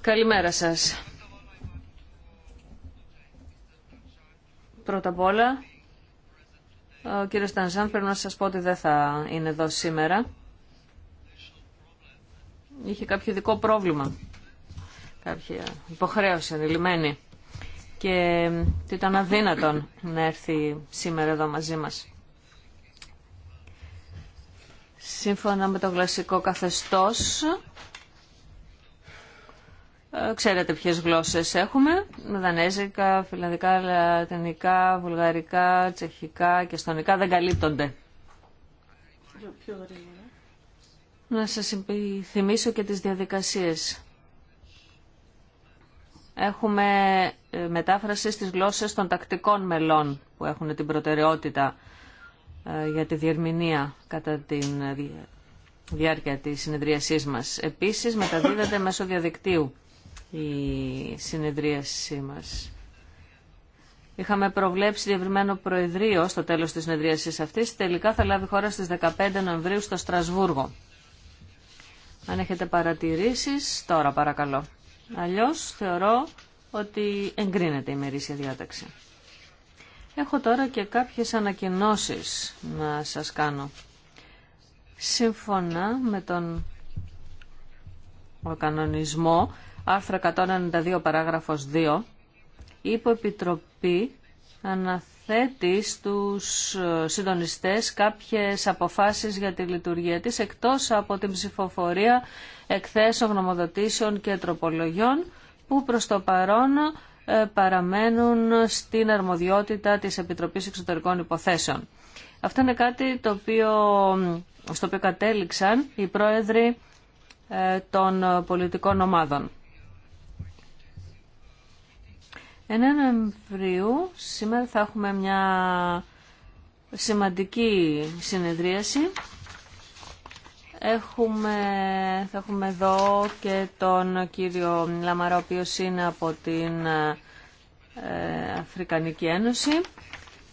Καλημέρα σας. Πρώτα απ' όλα, ο κύριος Τανζάν πρέπει να σας πω ότι δεν θα είναι εδώ σήμερα. Είχε κάποιο ειδικό πρόβλημα, κάποια υποχρέωση ανηλυμένη και ήταν αδύνατον να έρθει σήμερα εδώ μαζί μας. Σύμφωνα με το γλασικό καθεστώς, ε, ξέρετε ποιες γλώσσες έχουμε, δανέζικα, φιλανδικά, λατινικά, βουλγαρικά, τσεχικά και στονικά δεν καλύπτονται. Να σας θυμίσω και τις διαδικασίες. Έχουμε ε, μετάφραση στις γλώσσες των τακτικών μελών που έχουν την προτεραιότητα ε, για τη διερμηνία κατά τη διάρκεια της συνεδρίασής μας. Επίσης μεταδίδεται μέσω διαδικτύου η συνεδρίασή μας. Είχαμε προβλέψει διευρυμένο προεδρείο στο τέλος της συνεδρίασης αυτής. Τελικά θα λάβει χώρα στις 15 Νοεμβρίου στο Στρασβούργο. Αν έχετε παρατηρήσεις, τώρα παρακαλώ. Αλλιώς θεωρώ ότι εγκρίνεται η μερίσια διάταξη. Έχω τώρα και κάποιες ανακοινώσεις να σας κάνω. Σύμφωνα με τον κανονισμό, άρθρο 192 παράγραφος 2, η Υποεπιτροπή αναθέτει στους συντονιστές κάποιες αποφάσεις για τη λειτουργία της, εκτός από την ψηφοφορία εκθέσεων, γνωμοδοτήσεων και τροπολογιών, που προς το παρόν ε, παραμένουν στην αρμοδιότητα της Επιτροπής Εξωτερικών Υποθέσεων. Αυτό είναι κάτι το οποίο, στο οποίο κατέληξαν οι πρόεδροι ε, των πολιτικών ομάδων. 9 Νοεμβρίου σήμερα θα έχουμε μια σημαντική συνεδρίαση. Έχουμε, θα έχουμε εδώ και τον κύριο Λαμαρά, ο είναι από την ε, ε, Αφρικανική Ένωση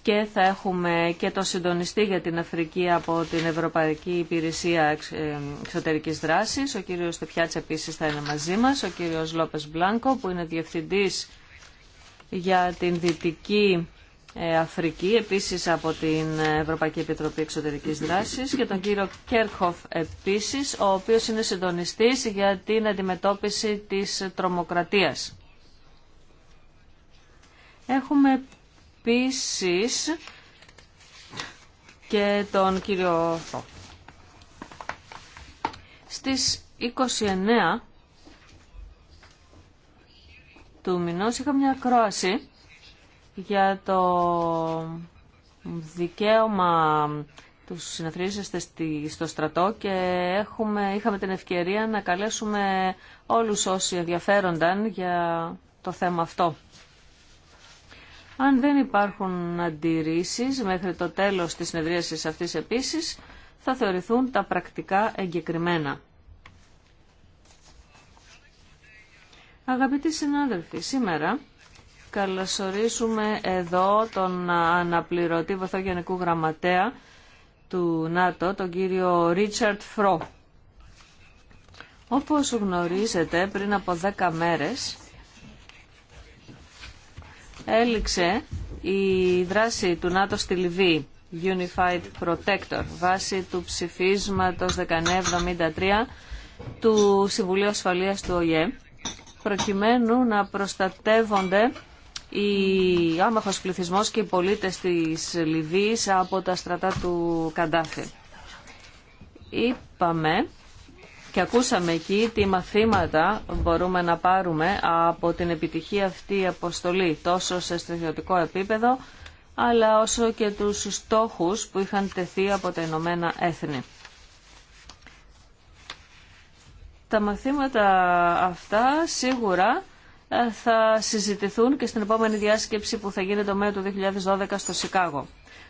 και θα έχουμε και το συντονιστή για την Αφρική από την Ευρωπαϊκή Υπηρεσία ε, Εξωτερικής Δράσης. Ο κύριος Στεφιάτς επίσης θα είναι μαζί μας. Ο κύριος Λόπες Μπλάνκο που είναι διευθυντής για την Δυτική ε, Αφρική, επίσης από την Ευρωπαϊκή Επιτροπή Εξωτερικής Δράσης και τον κύριο Κέρχοφ επίσης, ο οποίος είναι συντονιστής για την αντιμετώπιση της τρομοκρατίας. Έχουμε επίση και τον κύριο Θό. Στις 29 του μηνός είχα μια ακρόαση για το δικαίωμα τους συναθρίζεστε στο στρατό και έχουμε, είχαμε την ευκαιρία να καλέσουμε όλους όσοι ενδιαφέρονταν για το θέμα αυτό. Αν δεν υπάρχουν αντιρρήσεις μέχρι το τέλος της συνεδρίασης αυτής επίσης, θα θεωρηθούν τα πρακτικά εγκεκριμένα. Αγαπητοί συνάδελφοι, σήμερα καλωσορίσουμε εδώ τον αναπληρωτή βοηθό Γραμματέα του ΝΑΤΟ, τον κύριο Ρίτσαρτ Φρό. Όπως γνωρίζετε, πριν από 10 μέρες έληξε η δράση του ΝΑΤΟ στη Λιβύη, Unified Protector, βάσει του ψηφίσματος 1973 του Συμβουλίου Ασφαλείας του ΟΗΕ, προκειμένου να προστατεύονται οι άμαχος πληθυσμός και οι πολίτες της Λιβύης από τα στρατά του Καντάφη. Είπαμε και ακούσαμε εκεί τι μαθήματα μπορούμε να πάρουμε από την επιτυχία αυτή η αποστολή, τόσο σε στρατιωτικό επίπεδο, αλλά όσο και τους στόχους που είχαν τεθεί από τα Ηνωμένα Έθνη. Τα μαθήματα αυτά σίγουρα ε, θα συζητηθούν και στην επόμενη διάσκεψη που θα γίνει το Μέο του 2012 στο Σικάγο.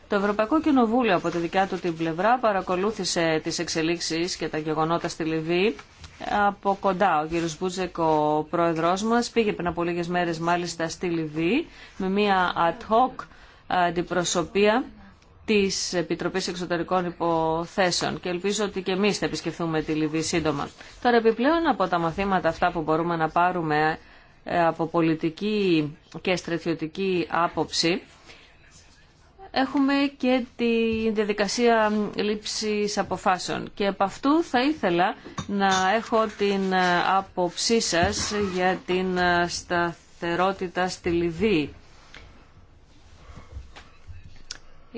Το Ευρωπαϊκό Κοινοβούλιο από τη δικιά του την πλευρά παρακολούθησε τις εξελίξεις και τα γεγονότα στη Λιβύη από κοντά. Ο κύριος Μπούτζεκ, ο πρόεδρός μας, πήγε πριν από λίγες μέρες μάλιστα στη Λιβύη με μια ad hoc αντιπροσωπεία της Επιτροπής Εξωτερικών Υποθέσεων και ελπίζω ότι και εμείς θα επισκεφθούμε τη Λιβύη σύντομα. Τώρα επιπλέον από τα μαθήματα αυτά που μπορούμε να πάρουμε ε, από πολιτική και στρατιωτική άποψη έχουμε και τη διαδικασία λήψης αποφάσεων και από αυτού θα ήθελα να έχω την άποψή σας για την σταθερότητα στη Λιβύη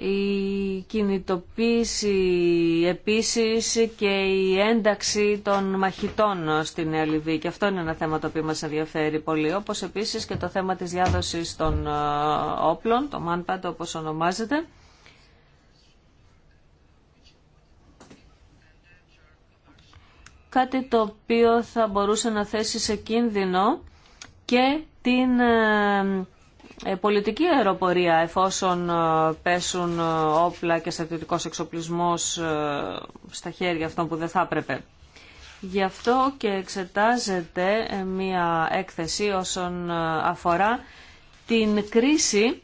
η κινητοποίηση επίσης και η ένταξη των μαχητών στην Νέα Και αυτό είναι ένα θέμα το οποίο μας ενδιαφέρει πολύ, όπως επίσης και το θέμα της διάδοσης των ε, όπλων, το manpad όπως ονομάζεται. Κάτι το οποίο θα μπορούσε να θέσει σε κίνδυνο και την ε, ε, πολιτική αεροπορία εφόσον ε, πέσουν ε, όπλα και στρατιωτικός εξοπλισμός στα χέρια αυτών που δεν θα έπρεπε. Γι' αυτό και εξετάζεται μία έκθεση όσον αφορά την κρίση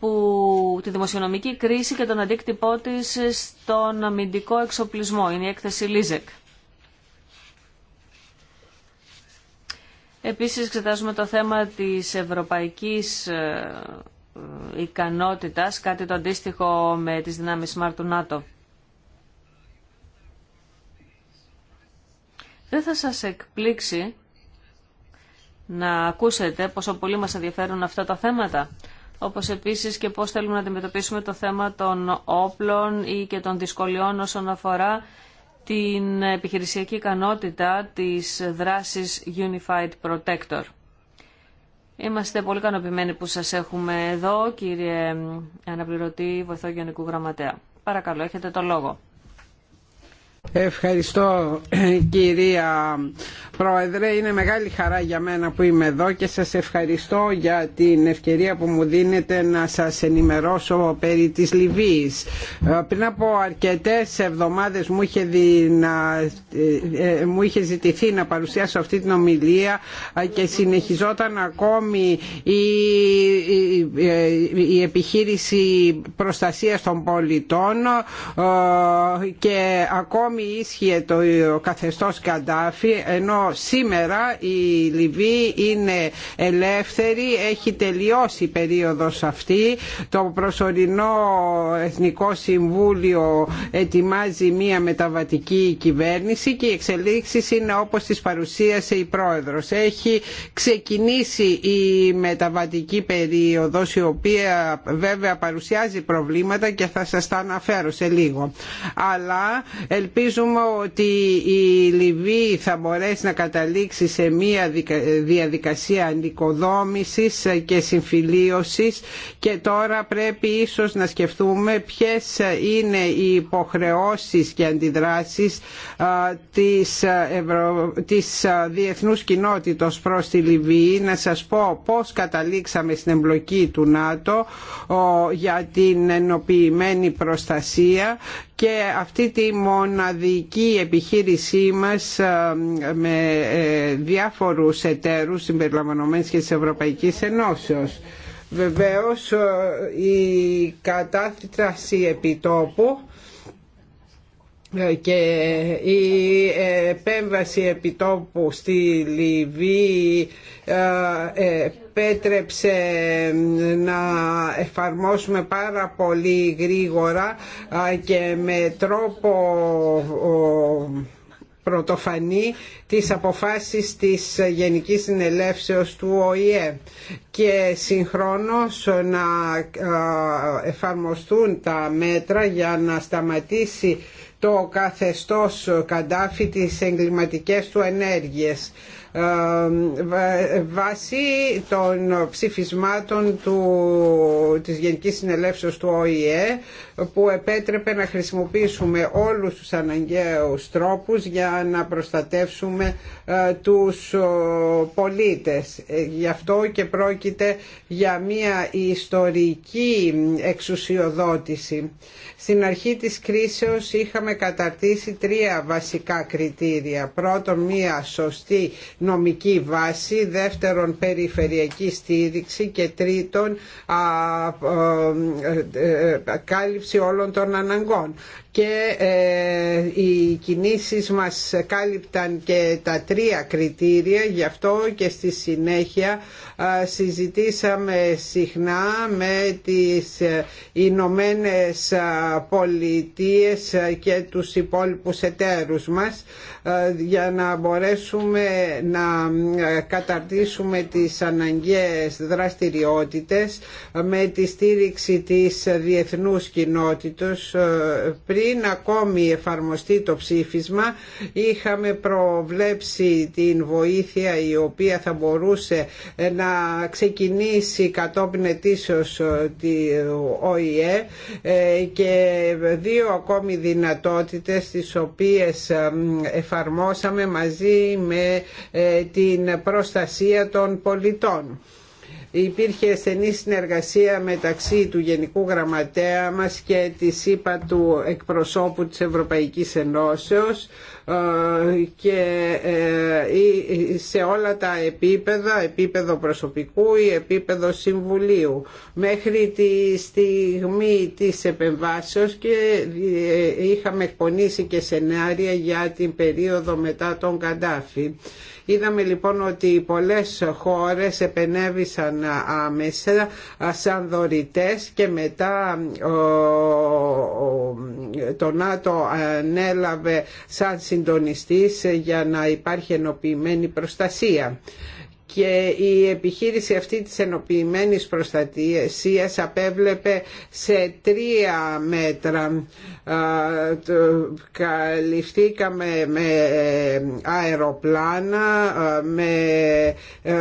που, τη δημοσιονομική κρίση και τον αντίκτυπό της στον αμυντικό εξοπλισμό. Είναι η έκθεση Λίζεκ. Επίσης εξετάζουμε το θέμα της ευρωπαϊκής ε, ε, ικανότητας, κάτι το αντίστοιχο με τις δυνάμεις ΜΑΡ του ΝΑΤΟ. Δεν θα σας εκπλήξει να ακούσετε πόσο πολύ μας ενδιαφέρουν αυτά τα θέματα, όπως επίσης και πώς θέλουμε να αντιμετωπίσουμε το θέμα των όπλων ή και των δυσκολιών όσον αφορά την επιχειρησιακή ικανότητα της δράσης Unified Protector. Είμαστε πολύ ικανοποιημένοι που σας έχουμε εδώ, κύριε Αναπληρωτή Βοηθό Γενικού Γραμματέα. Παρακαλώ, έχετε το λόγο. Ευχαριστώ κυρία Πρόεδρε. Είναι μεγάλη χαρά για μένα που είμαι εδώ και σας ευχαριστώ για την ευκαιρία που μου δίνετε να σας ενημερώσω περί της Λιβύης. Ε, πριν από αρκετές εβδομάδες μου είχε, ε, ε, μου είχε ζητηθεί να παρουσιάσω αυτή την ομιλία και συνεχιζόταν ακόμη η, η επιχείρηση προστασίας των πολιτών και ακόμη ακόμη ίσχυε το καθεστώς Καντάφη ενώ σήμερα η Λιβύη είναι ελεύθερη, έχει τελειώσει η περίοδος αυτή. Το προσωρινό Εθνικό Συμβούλιο ετοιμάζει μία μεταβατική κυβέρνηση και οι εξελίξεις είναι όπως τις παρουσίασε η Πρόεδρος. Έχει ξεκινήσει η μεταβατική περίοδος η οποία βέβαια παρουσιάζει προβλήματα και θα σας τα αναφέρω σε λίγο. Αλλά ελπίζω ελπίζουμε ότι η Λιβύη θα μπορέσει να καταλήξει σε μια διαδικασία ανοικοδόμησης και συμφιλίωσης και τώρα πρέπει ίσως να σκεφτούμε ποιες είναι οι υποχρεώσεις και αντιδράσεις της, Ευρω... της διεθνούς κοινότητος προς τη Λιβύη. Να σας πω πώς καταλήξαμε στην εμπλοκή του ΝΑΤΟ για την ενοποιημένη προστασία και αυτή τη μοναδική επιχείρησή μας ε, με ε, διάφορους εταίρους συμπεριλαμβανομένες και της Ευρωπαϊκής Ενώσεως. Βεβαίως ε, η κατάσταση επιτόπου ε, και η ε, επέμβαση επιτόπου στη Λιβύη ε, πέτρεψε να εφαρμόσουμε πάρα πολύ γρήγορα και με τρόπο πρωτοφανή τις αποφάσεις της Γενικής Συνελεύσεως του ΟΗΕ και συγχρόνως να εφαρμοστούν τα μέτρα για να σταματήσει το καθεστώς Καντάφη τις εγκληματικές του ενέργειες βάσει των ψηφισμάτων του, της Γενικής Συνελεύσεως του ΟΗΕ που επέτρεπε να χρησιμοποιήσουμε όλους τους αναγκαίους τρόπους για να προστατεύσουμε ε, τους πολίτες. Ε, γι' αυτό και πρόκειται για μια ιστορική εξουσιοδότηση. Στην αρχή της κρίσεως είχαμε καταρτήσει τρία βασικά κριτήρια. Πρώτον, μια σωστή νομική βάση, δεύτερον περιφερειακή στήριξη και τρίτον ε, ε, ε, κάλυψη όλων των αναγκών και ε, οι κινήσεις μας κάλυπταν και τα τρία κριτήρια γι' αυτό και στη συνέχεια ε, συζητήσαμε συχνά με τις ε, Ηνωμένε Πολιτείες και τους υπόλοιπους εταίρους μας για να μπορέσουμε να καταρτήσουμε τις αναγκαίες δραστηριότητες με τη στήριξη της διεθνούς κοινότητος πριν ακόμη εφαρμοστεί το ψήφισμα είχαμε προβλέψει την βοήθεια η οποία θα μπορούσε να ξεκινήσει κατόπιν ετήσεως ε, τη ΟΗΕ ε, και δύο ακόμη δυνατότητες τις οποίες ε, εφαρμόσαμε μαζί με την προστασία των πολιτών. Υπήρχε στενή συνεργασία μεταξύ του Γενικού Γραμματέα μας και της ΥΠΑ του εκπροσώπου της Ευρωπαϊκής Ενώσεως ε, και ε, σε όλα τα επίπεδα, επίπεδο προσωπικού ή επίπεδο συμβουλίου μέχρι τη στιγμή της επεμβάσεως και ε, είχαμε εκπονήσει και σενάρια για την περίοδο μετά τον Καντάφη. Είδαμε λοιπόν ότι πολλές χώρες επενέβησαν άμεσα σαν δωρητές και μετά το ΝΑΤΟ ανέλαβε σαν συντονιστής για να υπάρχει ενοποιημένη προστασία και η επιχείρηση αυτή της ενοποιημένης προστασίας απέβλεπε σε τρία μέτρα. Καλυφθήκαμε με ε, αεροπλάνα, με ε,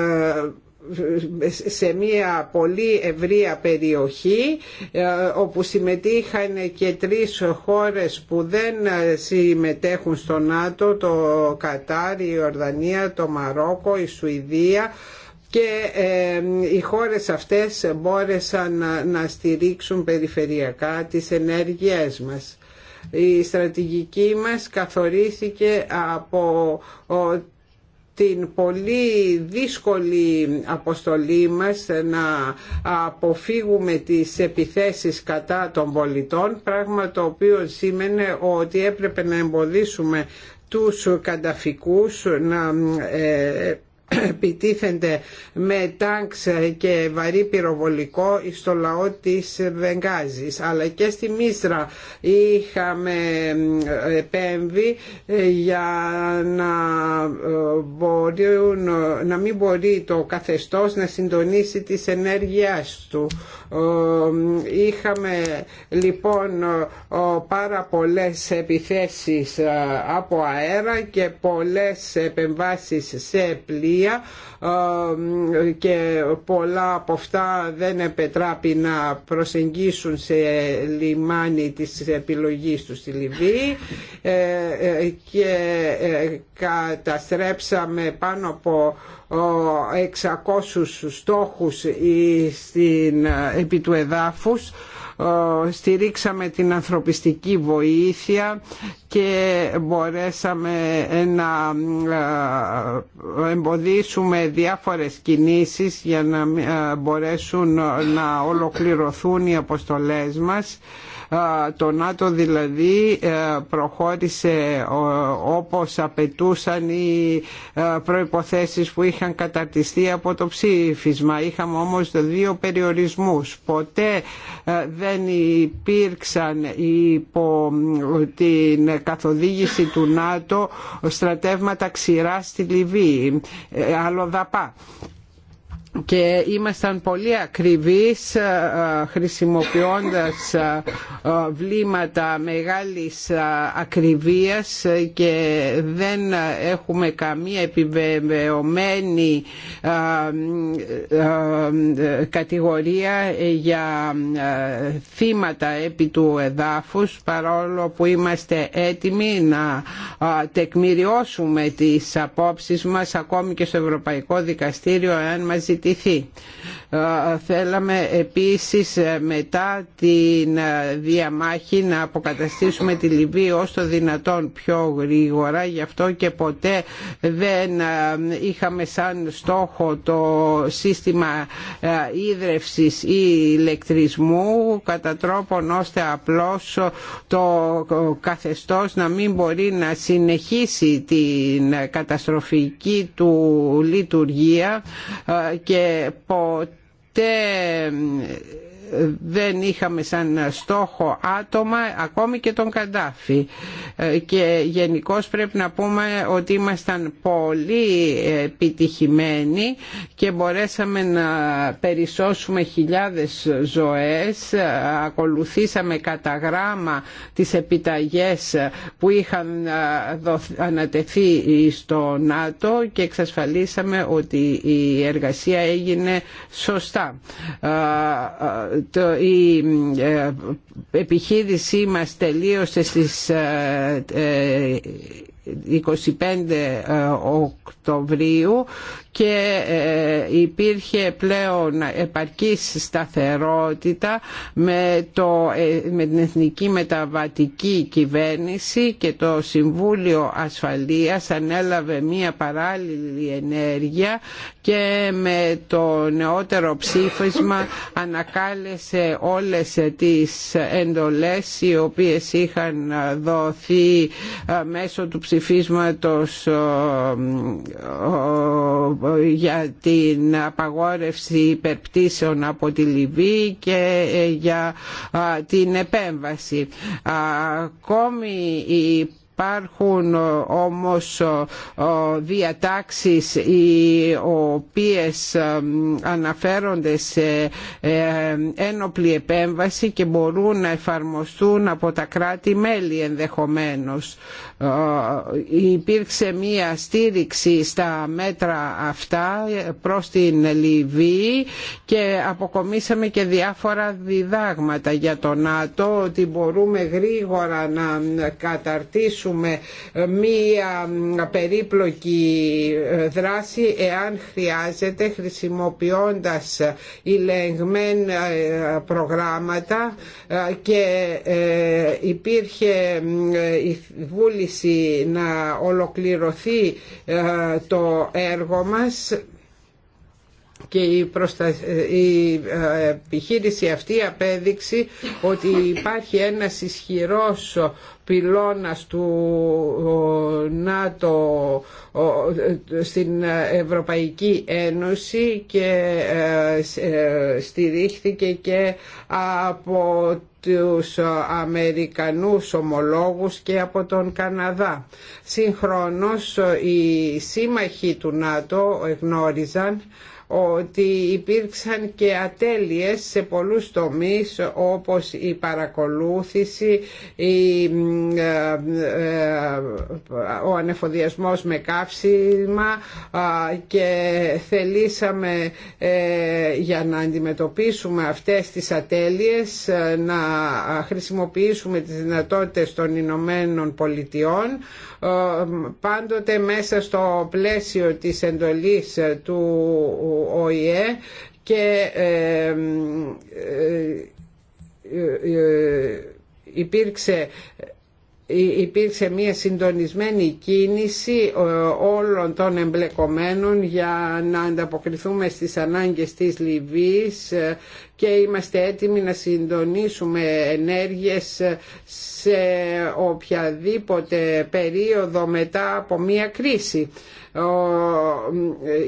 σε μια πολύ ευρεία περιοχή ε, όπου συμμετείχαν και τρεις χώρες που δεν συμμετέχουν στο ΝΑΤΟ το Κατάρ, η Ορδανία, το Μαρόκο, η Σουηδία και ε, οι χώρες αυτές μπόρεσαν να στηρίξουν περιφερειακά τις ενέργειές μας. Η στρατηγική μας καθορίστηκε από την πολύ δύσκολη αποστολή μας να αποφύγουμε τις επιθέσεις κατά των πολιτών, πράγμα το οποίο σήμαινε ότι έπρεπε να εμποδίσουμε τους καταφικούς να ε, επιτίθενται με τάγκ και βαρύ πυροβολικό στο λαό της Βενγάζης αλλά και στη Μίστρα είχαμε ε, επέμβει ε, για να, ε, μπορούν, να μην μπορεί το καθεστώς να συντονίσει τις ενέργειές του είχαμε λοιπόν πάρα πολλές επιθέσεις από αέρα και πολλές επεμβάσεις σε πλοία ε, και πολλά από αυτά δεν επετράπει να προσεγγίσουν σε λιμάνι της επιλογής τους στη Λιβύη ε, ε, και καταστρέψαμε πάνω από 600 στόχους στην, επί του εδάφους ε, στηρίξαμε την ανθρωπιστική βοήθεια και μπορέσαμε να ε, εμποδίσουμε διάφορες κινήσεις για να ε, μπορέσουν να ολοκληρωθούν οι αποστολές μας. Το ΝΑΤΟ δηλαδή ε, προχώρησε όπως απαιτούσαν οι ε, προϋποθέσεις που είχαν καταρτιστεί από το ψήφισμα. Είχαμε όμως δύο περιορισμούς. Ποτέ ε, δεν υπήρξαν υπό την καθοδήγηση του ΝΑΤΟ στρατεύματα ξηρά στη Λιβύη. δαπά και ήμασταν πολύ ακριβείς ε, ε, χρησιμοποιώντας ε, βλήματα μεγάλης ακριβίας και δεν έχουμε καμία επιβεβαιωμένη κατηγορία για θύματα επί του εδάφους παρόλο που είμαστε έτοιμοι να τεκμηριώσουμε τις απόψεις μας ακόμη και στο Ευρωπαϊκό Δικαστήριο αν μας Θέλαμε επίσης ε, μετά την ε, διαμάχη να αποκαταστήσουμε τη Λιβύη ως το δυνατόν πιο γρήγορα γι' αυτό και ποτέ δεν ε, είχαμε σαν στόχο το σύστημα ίδρευσης ή ηλεκτρισμού κατά τρόπον ώστε απλώς το καθεστώς να μην μπορεί να συνεχίσει την καταστροφική του λειτουργία και ποτέ δεν είχαμε σαν στόχο άτομα ακόμη και τον Καντάφη ε, και γενικώ πρέπει να πούμε ότι ήμασταν πολύ επιτυχημένοι και μπορέσαμε να περισσώσουμε χιλιάδες ζωές ακολουθήσαμε κατά γράμμα τις επιταγές που είχαν ε, ανατεθεί στο ΝΑΤΟ και εξασφαλίσαμε ότι η εργασία έγινε σωστά ε, η ε, επιχείρησή μας τελείωσε στις ε, ε, 25 Οκτωβρίου και ε, υπήρχε πλέον επαρκής σταθερότητα με, το, ε, με την Εθνική Μεταβατική Κυβέρνηση και το Συμβούλιο Ασφαλείας ανέλαβε μία παράλληλη ενέργεια και με το νεότερο ψήφισμα ανακάλεσε όλες τις εντολές οι οποίες είχαν δοθεί ε, μέσω του ψηφίσματος ψηφίσματος για την απαγόρευση υπερπτήσεων από τη Λιβύη και ε, για την επέμβαση. Ακόμη η υπάρχουν όμως διατάξεις οι οποίες ε, αναφέρονται σε ε, ένοπλη επέμβαση και μπορούν να εφαρμοστούν από τα κράτη-μέλη ενδεχομένως. Ε, υπήρξε μία στήριξη στα μέτρα αυτά προς την Λιβύη και αποκομίσαμε και διάφορα διδάγματα για το ΝΑΤΟ ότι μπορούμε γρήγορα να καταρτήσουμε μία περίπλοκη ε, δράση εάν χρειάζεται χρησιμοποιώντας ηλεγμένα ε, προγράμματα και υπήρχε η Βούλη να ολοκληρωθεί ε, το έργο μας και η, προστα... Ε, ε, επιχείρηση αυτή απέδειξε ότι υπάρχει ένας ισχυρός πυλώνας του ΝΑΤΟ στην Ευρωπαϊκή Ένωση και ε, στηρίχθηκε και από τους Αμερικανούς ομολόγους και από τον Καναδά. Συγχρόνως οι σύμμαχοι του ΝΑΤΟ γνώριζαν ότι υπήρξαν και ατέλειες σε πολλούς τομείς όπως η παρακολούθηση, η, ε, ε, ο ανεφοδιασμός με καύσιμα και θελήσαμε ε, για να αντιμετωπίσουμε αυτές τις ατέλειες να χρησιμοποιήσουμε τις δυνατότητες των Ηνωμένων Πολιτειών πάντοτε μέσα στο πλαίσιο της εντολής του ΟΗΕ και ε, ε, ε, υπήρξε υπήρξε μια συντονισμένη κίνηση όλων των εμπλεκομένων για να ανταποκριθούμε στις ανάγκες της Λιβύης και είμαστε έτοιμοι να συντονίσουμε ενέργειες σε οποιαδήποτε περίοδο μετά από μια κρίση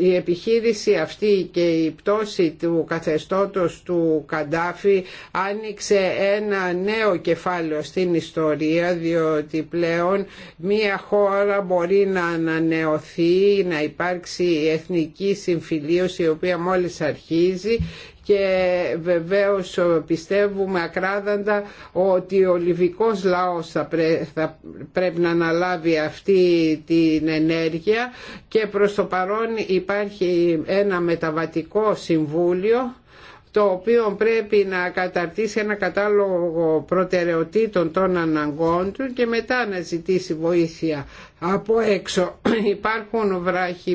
η επιχείρηση αυτή και η πτώση του καθεστώτος του Καντάφη άνοιξε ένα νέο κεφάλαιο στην ιστορία διότι πλέον μία χώρα μπορεί να ανανεωθεί, να υπάρξει εθνική συμφιλίωση η οποία μόλις αρχίζει και βεβαίως πιστεύουμε ακράδαντα ότι ο λιβικός λαός θα, πρέπει να αναλάβει αυτή την ενέργεια και προς το παρόν υπάρχει ένα μεταβατικό συμβούλιο το οποίο πρέπει να καταρτήσει ένα κατάλογο προτεραιοτήτων των αναγκών του και μετά να ζητήσει βοήθεια από έξω. Υπάρχουν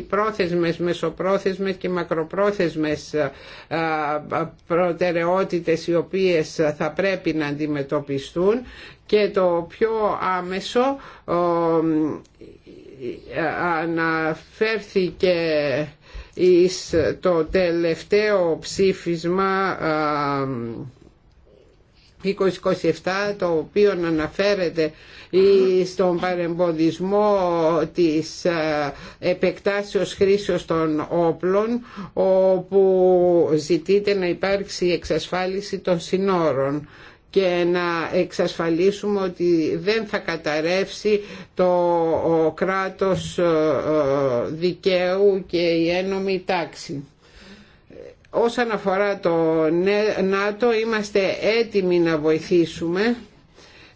πρόθεσμες, μεσοπρόθεσμες και μακροπρόθεσμες προτεραιότητες οι οποίες θα πρέπει να αντιμετωπιστούν και το πιο άμεσο αναφέρθηκε εις το τελευταίο ψήφισμα 2027 το οποίο αναφέρεται στον παρεμποδισμό της επεκτάσεως χρήσεως των όπλων όπου ζητείται να υπάρξει εξασφάλιση των συνόρων και να εξασφαλίσουμε ότι δεν θα καταρρεύσει το κράτος ε, ε, δικαίου και η ένομη τάξη. Όσον αφορά το ΝΑΤΟ είμαστε έτοιμοι να βοηθήσουμε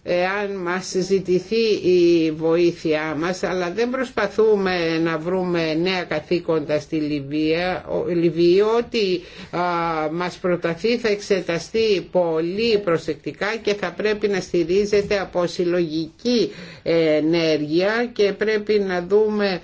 εάν μας ζητηθεί η βοήθειά μας αλλά δεν προσπαθούμε να βρούμε νέα καθήκοντα στη Λιβύη, Λιβύη ό,τι μας προταθεί θα εξεταστεί πολύ προσεκτικά και θα πρέπει να στηρίζεται από συλλογική ενέργεια και πρέπει να δούμε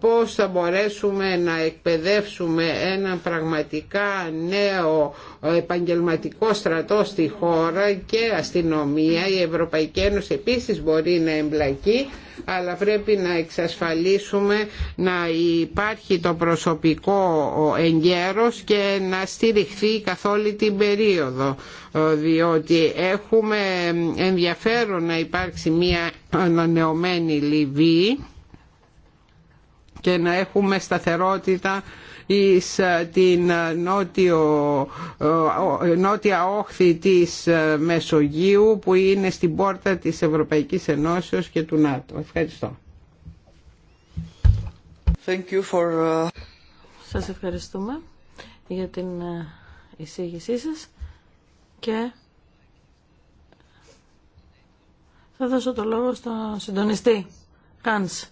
πώς θα μπορέσουμε να εκπαιδεύσουμε έναν πραγματικά νέο ο επαγγελματικό στρατό στη χώρα και αστυνομία. Η Ευρωπαϊκή Ένωση επίσης μπορεί να εμπλακεί αλλά πρέπει να εξασφαλίσουμε να υπάρχει το προσωπικό εγκαίρος και να στηριχθεί καθ' όλη την περίοδο ε, διότι έχουμε ενδιαφέρον να υπάρξει μια ανανεωμένη Λιβύη και να έχουμε σταθερότητα εις ε, την ε, ε, νότια όχθη της Μεσογείου που είναι στην πόρτα της Ευρωπαϊκής Ενώσεως και του ΝΑΤΟ. Ευχαριστώ. Thank you for... Uh, σας ευχαριστούμε για την εισήγησή σας και θα δώσω το λόγο στον συντονιστή. Hans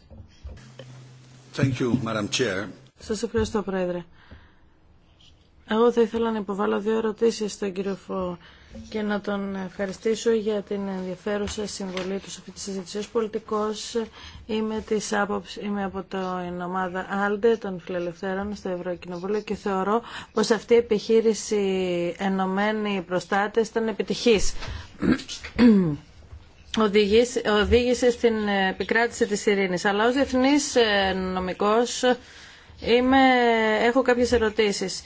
Thank you, Madam Chair. Σας ευχαριστώ, Πρόεδρε. Εγώ θα ήθελα να υποβάλω δύο ερωτήσεις στον κύριο Φω και να τον ευχαριστήσω για την ενδιαφέρουσα συμβολή του σε αυτή τη συζήτηση. Ως πολιτικός είμαι, της από την ομάδα ALDE των Φιλελευθέρων στο Ευρωκοινοβούλιο και θεωρώ πως αυτή η επιχείρηση ενωμένη προστάτες ήταν επιτυχής. Οδήγησε στην επικράτηση της ειρήνης. Αλλά ως διεθνής ε, νομικός Είμαι, έχω κάποιες ερωτήσεις.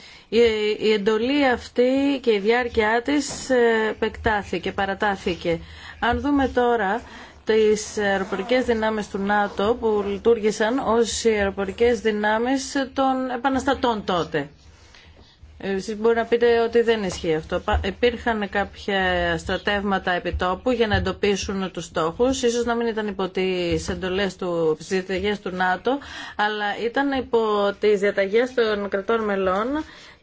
Η, εντολή αυτή και η διάρκεια της ε, πεκτάθηκε, παρατάθηκε. Αν δούμε τώρα τις αεροπορικές δυνάμεις του ΝΑΤΟ που λειτουργήσαν ως οι αεροπορικές δυνάμεις των επαναστατών τότε. Εσείς μπορεί να πείτε ότι δεν ισχύει αυτό. Υπήρχαν κάποια στρατεύματα επιτόπου για να εντοπίσουν τους στόχους. Ίσως να μην ήταν υπό τις εντολές του, τις του ΝΑΤΟ, αλλά ήταν υπό τις διαταγές των κρατών μελών.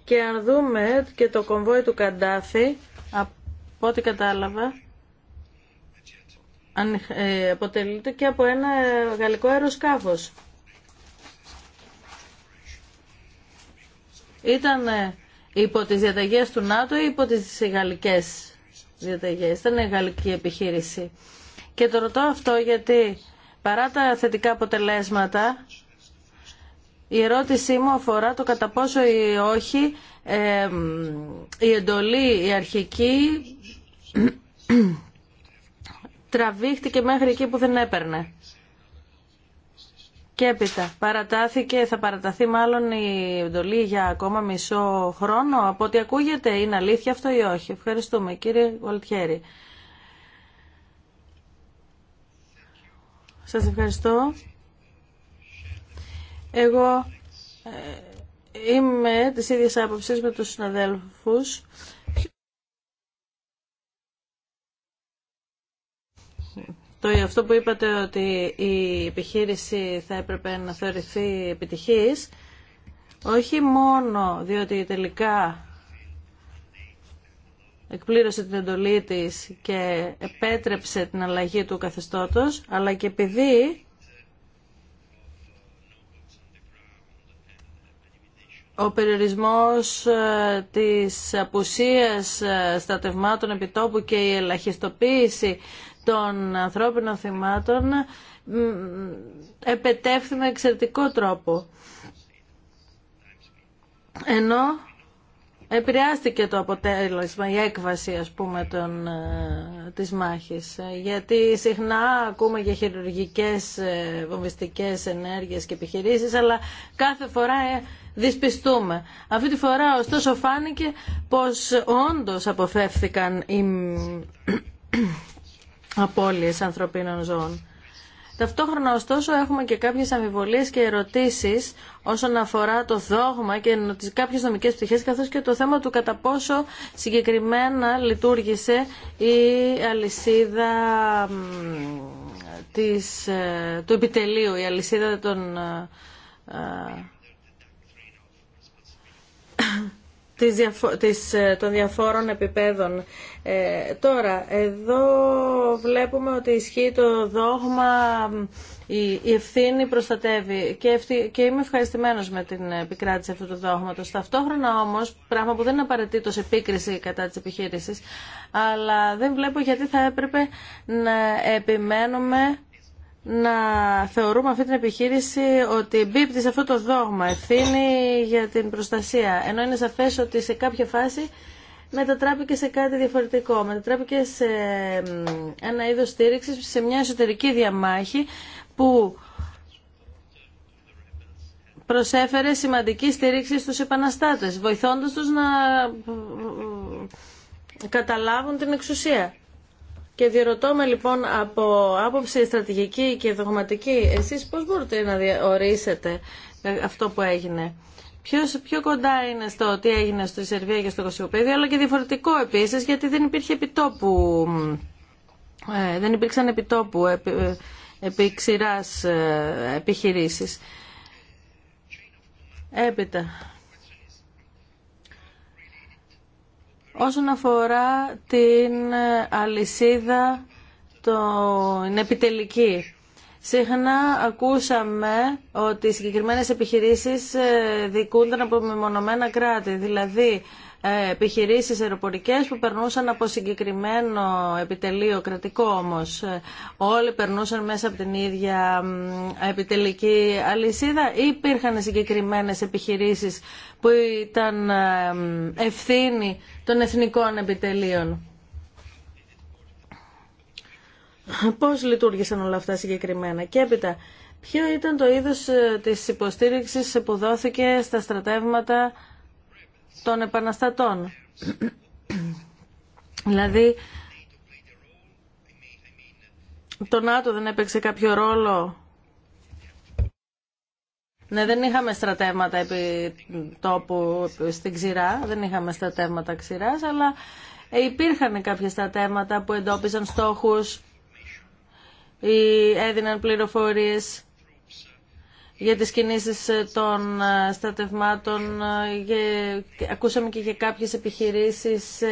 Και αν δούμε και το κομβόι του Καντάφη, από ό,τι κατάλαβα, ε, αποτελείται και από ένα γαλλικό αεροσκάφο. Ήταν υπό τις διαταγές του ΝΑΤΟ ή υπό τις γαλλικές διαταγές. είναι γαλλική επιχείρηση. Και το ρωτώ αυτό γιατί παρά τα θετικά αποτελέσματα η ερώτησή μου αφορά το κατά πόσο ή όχι ε, η εντολή, η αρχική τραβήχτηκε μέχρι εκεί που δεν έπαιρνε και έπειτα παρατάθηκε, θα παραταθεί μάλλον η εντολή για ακόμα μισό χρόνο. Από ό,τι ακούγεται είναι αλήθεια αυτό ή όχι. Ευχαριστούμε κύριε Γολτιέρη. Σας ευχαριστώ. Εγώ ε, είμαι της ίδιας άποψης με τους συναδέλφους. το, αυτό που είπατε ότι η επιχείρηση θα έπρεπε να θεωρηθεί επιτυχής, όχι μόνο διότι τελικά εκπλήρωσε την εντολή της και επέτρεψε την αλλαγή του καθεστώτος, αλλά και επειδή ο περιορισμός ε, της απουσίας ε, στρατευμάτων επιτόπου και η ελαχιστοποίηση των ανθρώπινων θυμάτων επετεύθη με εξαιρετικό τρόπο. Ενώ επηρεάστηκε το αποτέλεσμα, η έκβαση ας πούμε των, ε, της μάχης. Ε, γιατί συχνά ακούμε για χειρουργικές ε, βομβιστικές ενέργειες και επιχειρήσεις, αλλά κάθε φορά δυσπιστούμε. Αυτή τη φορά ωστόσο φάνηκε πως όντως αποφεύθηκαν οι απώλειες ανθρωπίνων ζώων. Ταυτόχρονα, ωστόσο, έχουμε και κάποιες αμφιβολίες και ερωτήσεις όσον αφορά το δόγμα και τις κάποιες νομικές πτυχές, καθώς και το θέμα του κατά πόσο συγκεκριμένα λειτουργήσε η αλυσίδα της, ε, του επιτελείου, η αλυσίδα των ε, ε, Ε, των διαφόρων επιπέδων. Ε, τώρα, εδώ βλέπουμε ότι ισχύει το δόγμα η ευθύνη προστατεύει και είμαι ευχαριστημένο με την επικράτηση αυτού του δόγματος. Ταυτόχρονα όμω, πράγμα που δεν είναι απαραίτητο επίκριση κατά τη επιχείρηση, αλλά δεν βλέπω γιατί θα έπρεπε να επιμένουμε να θεωρούμε αυτή την επιχείρηση ότι μπίπτει σε αυτό το δόγμα ευθύνη για την προστασία. Ενώ είναι σαφές ότι σε κάποια φάση μετατράπηκε σε κάτι διαφορετικό. Μετατράπηκε σε ένα είδος στήριξη σε μια εσωτερική διαμάχη που προσέφερε σημαντική στήριξη στους επαναστάτες, βοηθώντας τους να καταλάβουν την εξουσία. Και διερωτώ με λοιπόν από άποψη στρατηγική και δογματική, εσείς πώς μπορείτε να διορίσετε ε, αυτό που έγινε. Ποιος, πιο κοντά είναι στο τι έγινε στη Σερβία και στο Κωσιοπέδιο, αλλά και διαφορετικό επίσης, γιατί δεν υπήρχε επιτόπου, ε, δεν υπήρξαν επιτόπου επί, ε, επί ξηράς επιχειρήσεις. Έπειτα, όσον αφορά την αλυσίδα την επιτελική. Συχνά ακούσαμε ότι συγκεκριμένες επιχειρήσεις ε, δικούνταν από μεμονωμένα κράτη, δηλαδή ε, επιχειρήσεις αεροπορικές που περνούσαν από συγκεκριμένο επιτελείο κρατικό όμως. Ε, όλοι περνούσαν μέσα από την ίδια επιτελική αλυσίδα ή υπήρχαν συγκεκριμένες επιχειρήσεις που ήταν ε, ευθύνη των εθνικών επιτελείων. Πώς λειτουργήσαν όλα αυτά συγκεκριμένα και έπειτα ποιο ήταν το είδος της υποστήριξης που δόθηκε στα στρατεύματα των επαναστατών. δηλαδή, το ΝΑΤΟ δεν έπαιξε κάποιο ρόλο. Ναι, δεν είχαμε στρατεύματα επί τόπου στην ξηρά, δεν είχαμε στρατεύματα ξηράς, αλλά υπήρχαν κάποια στρατεύματα που εντόπιζαν στόχους ή έδιναν πληροφορίες για τις κινήσεις ε, των ε, στρατευμάτων. Ε, ακούσαμε και για κάποιες επιχειρήσεις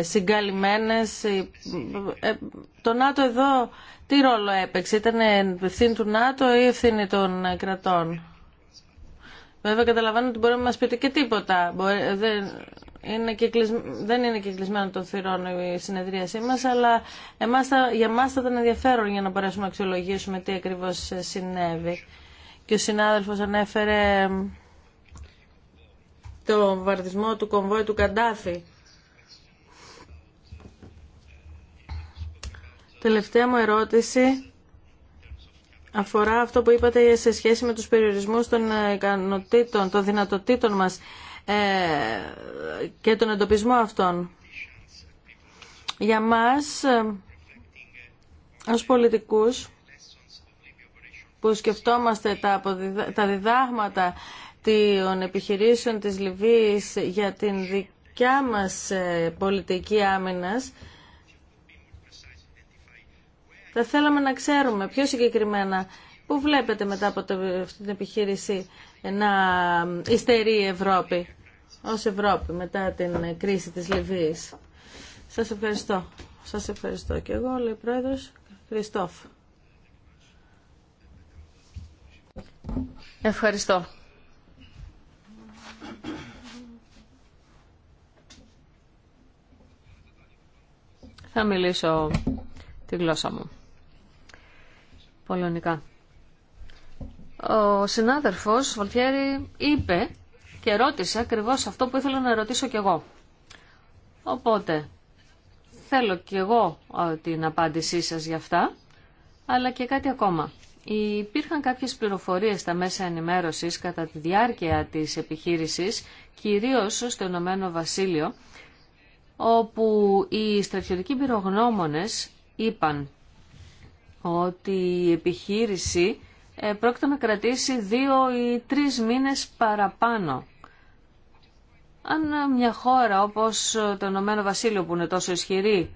συγκαλυμμένες. Το ΝΑΤΟ εδώ τι ρόλο έπαιξε, ήταν ευθύνη του ΝΑΤΟ ή ευθύνη των κρατών. Βέβαια καταλαβαίνω ότι μπορεί να μας πείτε και τίποτα είναι και δεν είναι και το των θυρών η συνεδρίασή μας, αλλά εμάς θα... για εμά θα ήταν ενδιαφέρον για να μπορέσουμε να αξιολογήσουμε τι ακριβώς συνέβη. Και ο συνάδελφος ανέφερε το βαρδισμό του κομβόη του Καντάφη. Τελευταία μου ερώτηση αφορά αυτό που είπατε σε σχέση με τους περιορισμούς των ικανοτήτων, των δυνατοτήτων μας. Ε, και τον εντοπισμό αυτών. Για μας, ε, ως πολιτικούς, που σκεφτόμαστε τα διδάγματα των επιχειρήσεων της Λιβύης για την δικιά μας ε, πολιτική άμυνας, θα θέλαμε να ξέρουμε πιο συγκεκριμένα Πού βλέπετε μετά από αυτή την επιχείρηση να υστερεί η Ευρώπη ως Ευρώπη μετά την κρίση της Λιβύης. Σας ευχαριστώ. Σας ευχαριστώ και εγώ, λέει ο Πρόεδρος Χριστόφ. Ευχαριστώ. Θα μιλήσω τη γλώσσα μου. Πολωνικά. Ο συνάδελφος Βολτιέρη είπε και ρώτησε ακριβώς αυτό που ήθελα να ρωτήσω κι εγώ. Οπότε, θέλω κι εγώ την απάντησή σας για αυτά, αλλά και κάτι ακόμα. Υπήρχαν κάποιες πληροφορίες στα μέσα ενημέρωσης κατά τη διάρκεια της επιχείρησης, κυρίως στο Ηνωμένο Βασίλειο, όπου οι στρατιωτικοί πυρογνώμονες είπαν ότι η επιχείρηση ε, πρόκειται να κρατήσει δύο ή τρεις μήνες παραπάνω. Αν μια χώρα όπως το Ηνωμένο Βασίλειο που είναι τόσο ισχυρή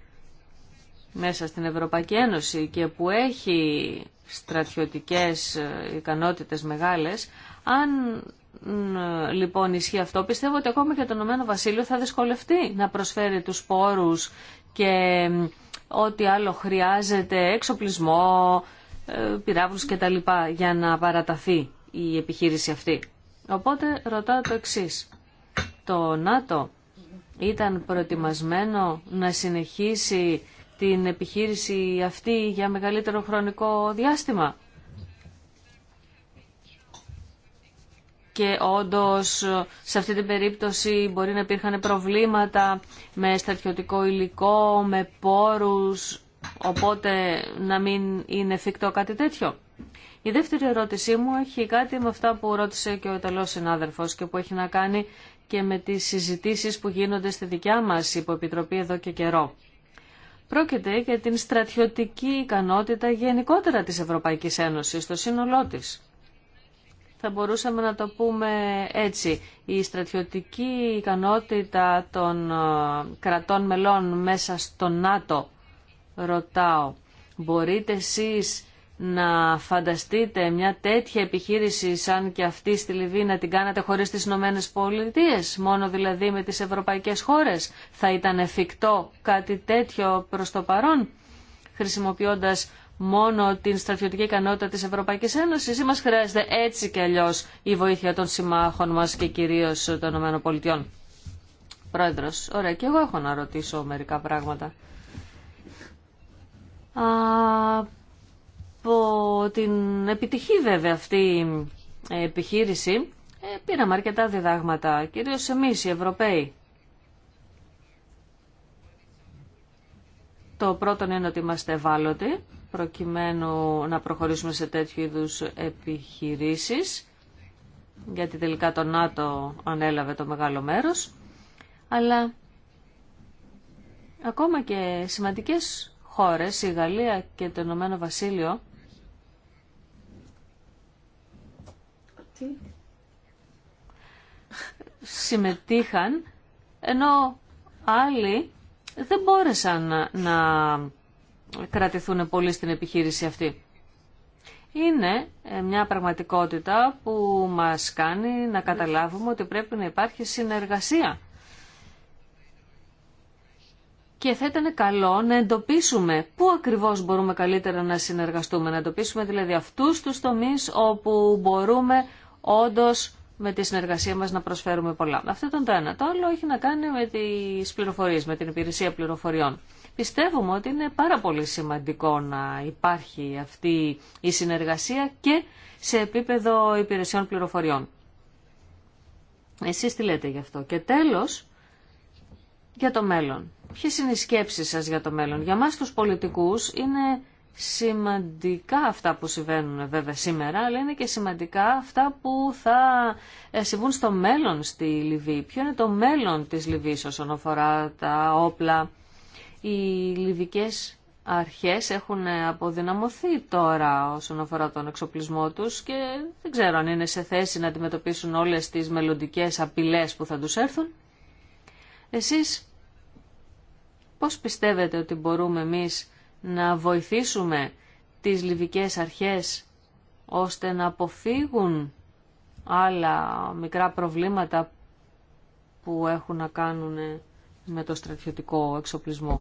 μέσα στην Ευρωπαϊκή Ένωση και που έχει στρατιωτικές ε, ικανότητες μεγάλες, αν ε, λοιπόν ισχύει αυτό, πιστεύω ότι ακόμα και το Ηνωμένο Βασίλειο θα δυσκολευτεί να προσφέρει τους πόρους και ό,τι άλλο χρειάζεται, εξοπλισμό, ε, πυράβλους και τα λοιπά για να παραταθεί η επιχείρηση αυτή. Οπότε ρωτάω το εξής. Το ΝΑΤΟ ήταν προετοιμασμένο να συνεχίσει την επιχείρηση αυτή για μεγαλύτερο χρονικό διάστημα. Και όντως σε αυτή την περίπτωση μπορεί να υπήρχαν προβλήματα με στρατιωτικό υλικό, με πόρους, Οπότε να μην είναι εφικτό κάτι τέτοιο. Η δεύτερη ερώτησή μου έχει κάτι με αυτά που ρώτησε και ο Ιταλός συνάδελφος και που έχει να κάνει και με τις συζητήσεις που γίνονται στη δικιά μας υποεπιτροπή εδώ και καιρό. Πρόκειται για την στρατιωτική ικανότητα γενικότερα της Ευρωπαϊκής Ένωσης, το σύνολό της. Θα μπορούσαμε να το πούμε έτσι. Η στρατιωτική ικανότητα των ε, κρατών μελών μέσα στο ΝΑΤΟ ρωτάω, μπορείτε εσείς να φανταστείτε μια τέτοια επιχείρηση σαν και αυτή στη Λιβύη να την κάνατε χωρίς τις Ηνωμένε Πολιτείε, μόνο δηλαδή με τις ευρωπαϊκές χώρες. Θα ήταν εφικτό κάτι τέτοιο προς το παρόν, χρησιμοποιώντας μόνο την στρατιωτική ικανότητα της Ευρωπαϊκής Ένωσης ή μας χρειάζεται έτσι και αλλιώς η βοήθεια των συμμάχων μας και κυρίως των ΗΠΑ. Πρόεδρος, ωραία, και εγώ έχω να ρωτήσω μερικά πράγματα από την επιτυχή βέβαια αυτή η επιχείρηση ε, πήραμε αρκετά διδάγματα, κυρίως εμείς οι Ευρωπαίοι. Το πρώτο είναι ότι είμαστε ευάλωτοι, προκειμένου να προχωρήσουμε σε τέτοιου είδους επιχειρήσεις, γιατί τελικά το ΝΑΤΟ ανέλαβε το μεγάλο μέρος, αλλά ακόμα και σημαντικές χώρες, η Γαλλία και το Ηνωμένο Βασίλειο, συμμετείχαν, ενώ άλλοι δεν μπόρεσαν να κρατηθούν πολύ στην επιχείρηση αυτή. Είναι ε, μια πραγματικότητα που μας κάνει να καταλάβουμε ότι πρέπει να υπάρχει συνεργασία και θα ήταν καλό να εντοπίσουμε πού ακριβώς μπορούμε καλύτερα να συνεργαστούμε, να εντοπίσουμε δηλαδή αυτούς τους τομείς όπου μπορούμε όντως με τη συνεργασία μας να προσφέρουμε πολλά. Αυτό ήταν το ένα. Το άλλο έχει να κάνει με τις πληροφορίες, με την υπηρεσία πληροφοριών. Πιστεύουμε ότι είναι πάρα πολύ σημαντικό να υπάρχει αυτή η συνεργασία και σε επίπεδο υπηρεσιών πληροφοριών. Εσείς τι λέτε γι' αυτό. Και τέλος, για το μέλλον. Ποιες είναι οι σκέψεις σας για το μέλλον. Για μας τους πολιτικούς είναι σημαντικά αυτά που συμβαίνουν βέβαια σήμερα, αλλά είναι και σημαντικά αυτά που θα ε, συμβούν στο μέλλον στη Λιβύη. Ποιο είναι το μέλλον της Λιβύης όσον αφορά τα όπλα. Οι λιβικές αρχές έχουν αποδυναμωθεί τώρα όσον αφορά τον εξοπλισμό τους και δεν ξέρω αν είναι σε θέση να αντιμετωπίσουν όλες τις μελλοντικέ απειλές που θα τους έρθουν. Εσείς Πώς πιστεύετε ότι μπορούμε εμείς να βοηθήσουμε τις λιβικές αρχές ώστε να αποφύγουν άλλα μικρά προβλήματα που έχουν να κάνουν με το στρατιωτικό εξοπλισμό.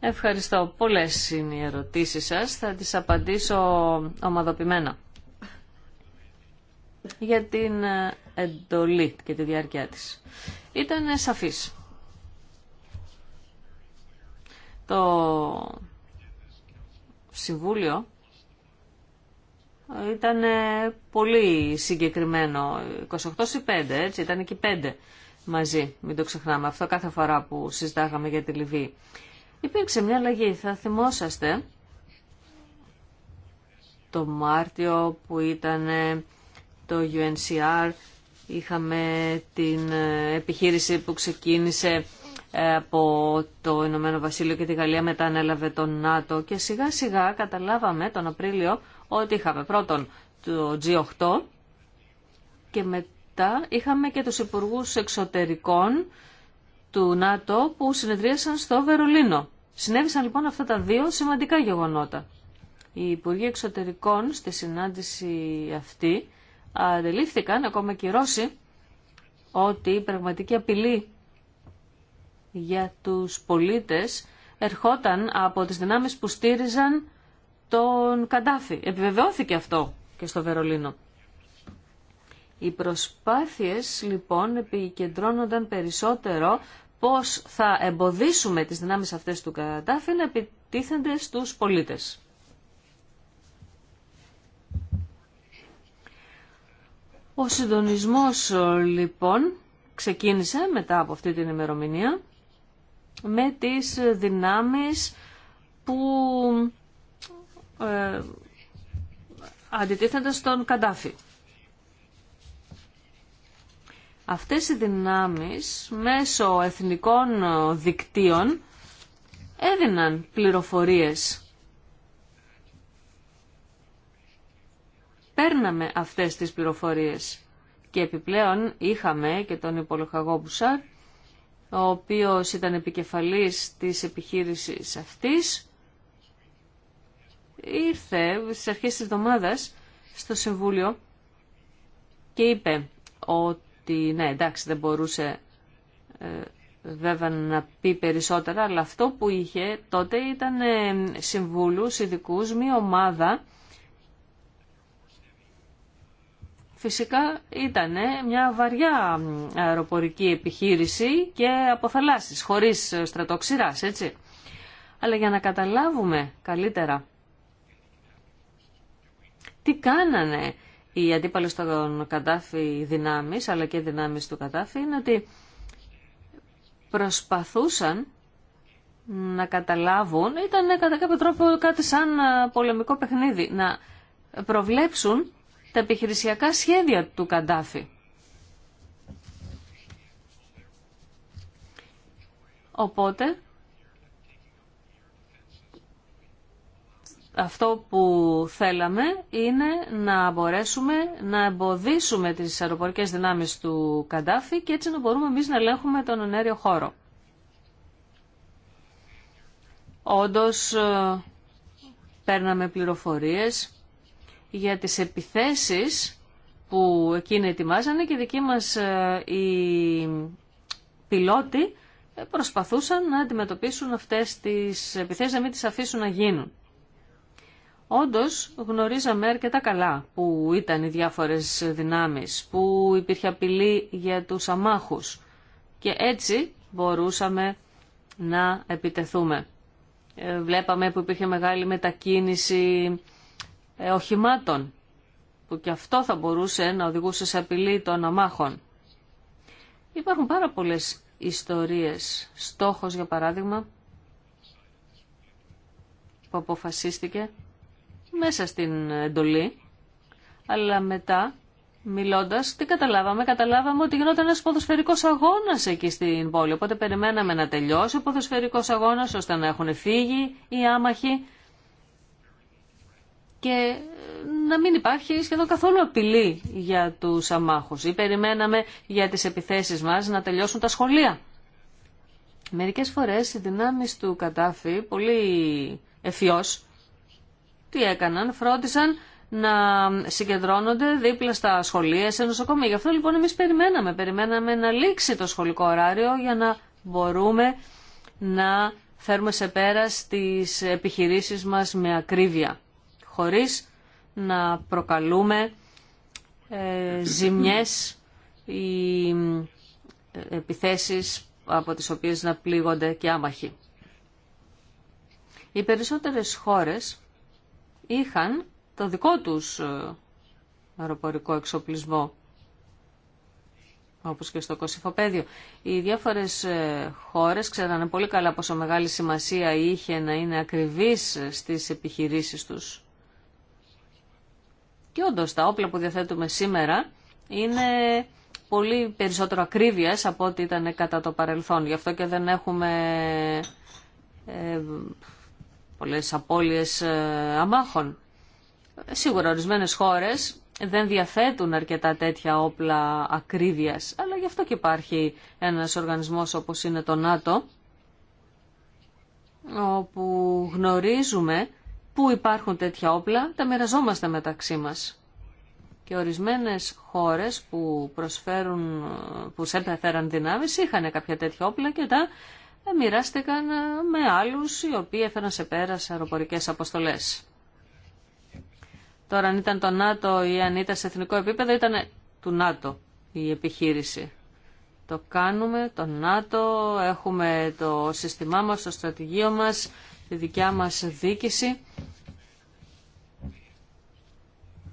Ευχαριστώ. Πολλές είναι οι ερωτήσεις σας. Θα τις απαντήσω ομαδοποιημένα για την ε, εντολή και τη διάρκεια της. Ήταν σαφής. Το Συμβούλιο ήταν ε, πολύ συγκεκριμένο. 28 ή 5, έτσι, ήταν και 5 μαζί, μην το ξεχνάμε. Αυτό κάθε φορά που συζητάγαμε για τη Λιβύη. Υπήρξε μια αλλαγή, θα θυμόσαστε, το Μάρτιο που ήταν το UNCR, είχαμε την ε, επιχείρηση που ξεκίνησε ε, από το Ηνωμένο Βασίλειο και τη Γαλλία μετά ανέλαβε τον ΝΑΤΟ και σιγά σιγά καταλάβαμε τον Απρίλιο ότι είχαμε πρώτον το G8 και μετά είχαμε και τους υπουργούς εξωτερικών του ΝΑΤΟ που συνεδρίασαν στο Βερολίνο. Συνέβησαν λοιπόν αυτά τα δύο σημαντικά γεγονότα. Οι Υπουργοί Εξωτερικών στη συνάντηση αυτή αντιλήφθηκαν, ακόμα και οι Ρώσοι, ότι η πραγματική απειλή για τους πολίτες ερχόταν από τις δυνάμεις που στήριζαν τον Καντάφη. Επιβεβαιώθηκε αυτό και στο Βερολίνο. Οι προσπάθειες λοιπόν επικεντρώνονταν περισσότερο πώς θα εμποδίσουμε τις δυνάμεις αυτές του Καντάφη να επιτίθενται στους πολίτες. Ο συντονισμός ε, λοιπόν ξεκίνησε μετά από αυτή την ημερομηνία με τις δυνάμεις που ε, αντιτίθενται στον Καντάφη. Αυτές οι δυνάμεις μέσω εθνικών δικτύων έδιναν πληροφορίες παίρναμε αυτές τις πληροφορίες. Και επιπλέον είχαμε και τον υπολογαγό Μπουσάρ, ο οποίος ήταν επικεφαλής της επιχείρησης αυτής, ήρθε στις αρχές της εβδομάδας στο Συμβούλιο και είπε ότι ναι εντάξει δεν μπορούσε ε, βέβαια να πει περισσότερα αλλά αυτό που είχε τότε ήταν ε, συμβούλους ειδικού μια ομάδα φυσικά ήταν μια βαριά αεροπορική επιχείρηση και από θαλάσσης, χωρίς ε, στρατοξηράς, έτσι. Αλλά για να καταλάβουμε καλύτερα τι κάνανε οι αντίπαλοι των Καντάφη δυνάμεις, αλλά και δυνάμεις του Κατάφη είναι ότι προσπαθούσαν να καταλάβουν, ήταν κατά κάποιο τρόπο κάτι σαν ε, πολεμικό παιχνίδι, να προβλέψουν τα επιχειρησιακά σχέδια του Καντάφη. Οπότε, αυτό που θέλαμε είναι να μπορέσουμε να εμποδίσουμε τις αεροπορικές δυνάμεις του Καντάφη και έτσι να μπορούμε εμείς να ελέγχουμε τον ενέριο χώρο. Όντως, ε, παίρναμε πληροφορίες για τις επιθέσεις που εκείνοι ετοιμάζανε και δικοί μας ε, οι πιλότοι ε, προσπαθούσαν να αντιμετωπίσουν αυτές τις επιθέσεις, να μην τις αφήσουν να γίνουν. Όντως γνωρίζαμε αρκετά καλά που ήταν οι διάφορες δυνάμεις, που υπήρχε απειλή για τους αμάχους και έτσι μπορούσαμε να επιτεθούμε. Ε, βλέπαμε που υπήρχε μεγάλη μετακίνηση ε, οχημάτων, που και αυτό θα μπορούσε να οδηγούσε σε απειλή των αμάχων. Υπάρχουν πάρα πολλές ιστορίες. Στόχος, για παράδειγμα, που αποφασίστηκε μέσα στην εντολή, αλλά μετά, μιλώντας, τι καταλάβαμε. Καταλάβαμε ότι γινόταν ένας ποδοσφαιρικός αγώνας εκεί στην πόλη, οπότε περιμέναμε να τελειώσει ο ποδοσφαιρικός αγώνας, ώστε να έχουν φύγει οι άμαχοι και ε, να μην υπάρχει σχεδόν καθόλου απειλή για τους αμάχους ή περιμέναμε για τις επιθέσεις μας να τελειώσουν τα σχολεία. Μερικές φορές οι δυνάμεις του Κατάφη, πολύ εφιός. τι έκαναν, φρόντισαν να συγκεντρώνονται δίπλα στα σχολεία, σε νοσοκομεία. Γι' αυτό λοιπόν εμείς περιμέναμε, περιμέναμε να λήξει το σχολικό ωράριο για να μπορούμε να φέρουμε σε πέρα τις επιχειρήσεις μας με ακρίβεια χωρίς να προκαλούμε ε, ζημιές ή ε, επιθέσεις από τις οποίες να πλήγονται και άμαχοι. Οι περισσότερες χώρες είχαν το δικό τους ε, αεροπορικό εξοπλισμό, όπως και στο Κωσυφοπέδιο. Οι διάφορες χώρες ξέρανε πολύ καλά πόσο μεγάλη σημασία είχε να είναι ακριβής στις επιχειρήσεις τους. Και όντω τα όπλα που διαθέτουμε σήμερα είναι πολύ περισσότερο ακρίβεια από ό,τι ήταν κατά το παρελθόν. Γι' αυτό και δεν έχουμε ε, πολλές απώλειες ε, αμάχων. Σίγουρα ορισμένε χώρες δεν διαθέτουν αρκετά τέτοια όπλα ακρίβειας, αλλά γι' αυτό και υπάρχει ένας οργανισμός όπως είναι το ΝΑΤΟ, όπου γνωρίζουμε που υπάρχουν τέτοια όπλα τα μοιραζόμαστε μεταξύ μας. Και ορισμένες χώρες που προσφέρουν, που σέπεθεραν δυνάμεις είχαν κάποια τέτοια όπλα και τα ε, μοιράστηκαν ε, με άλλους οι οποίοι έφεραν σε πέρα σε αεροπορικές αποστολές. Τώρα αν ήταν το ΝΑΤΟ ή αν ήταν σε εθνικό επίπεδο ήταν του ΝΑΤΟ η επιχείρηση. Το κάνουμε, το ΝΑΤΟ, έχουμε το σύστημά μας, το στρατηγείο μας, τη δικιά μας δίκηση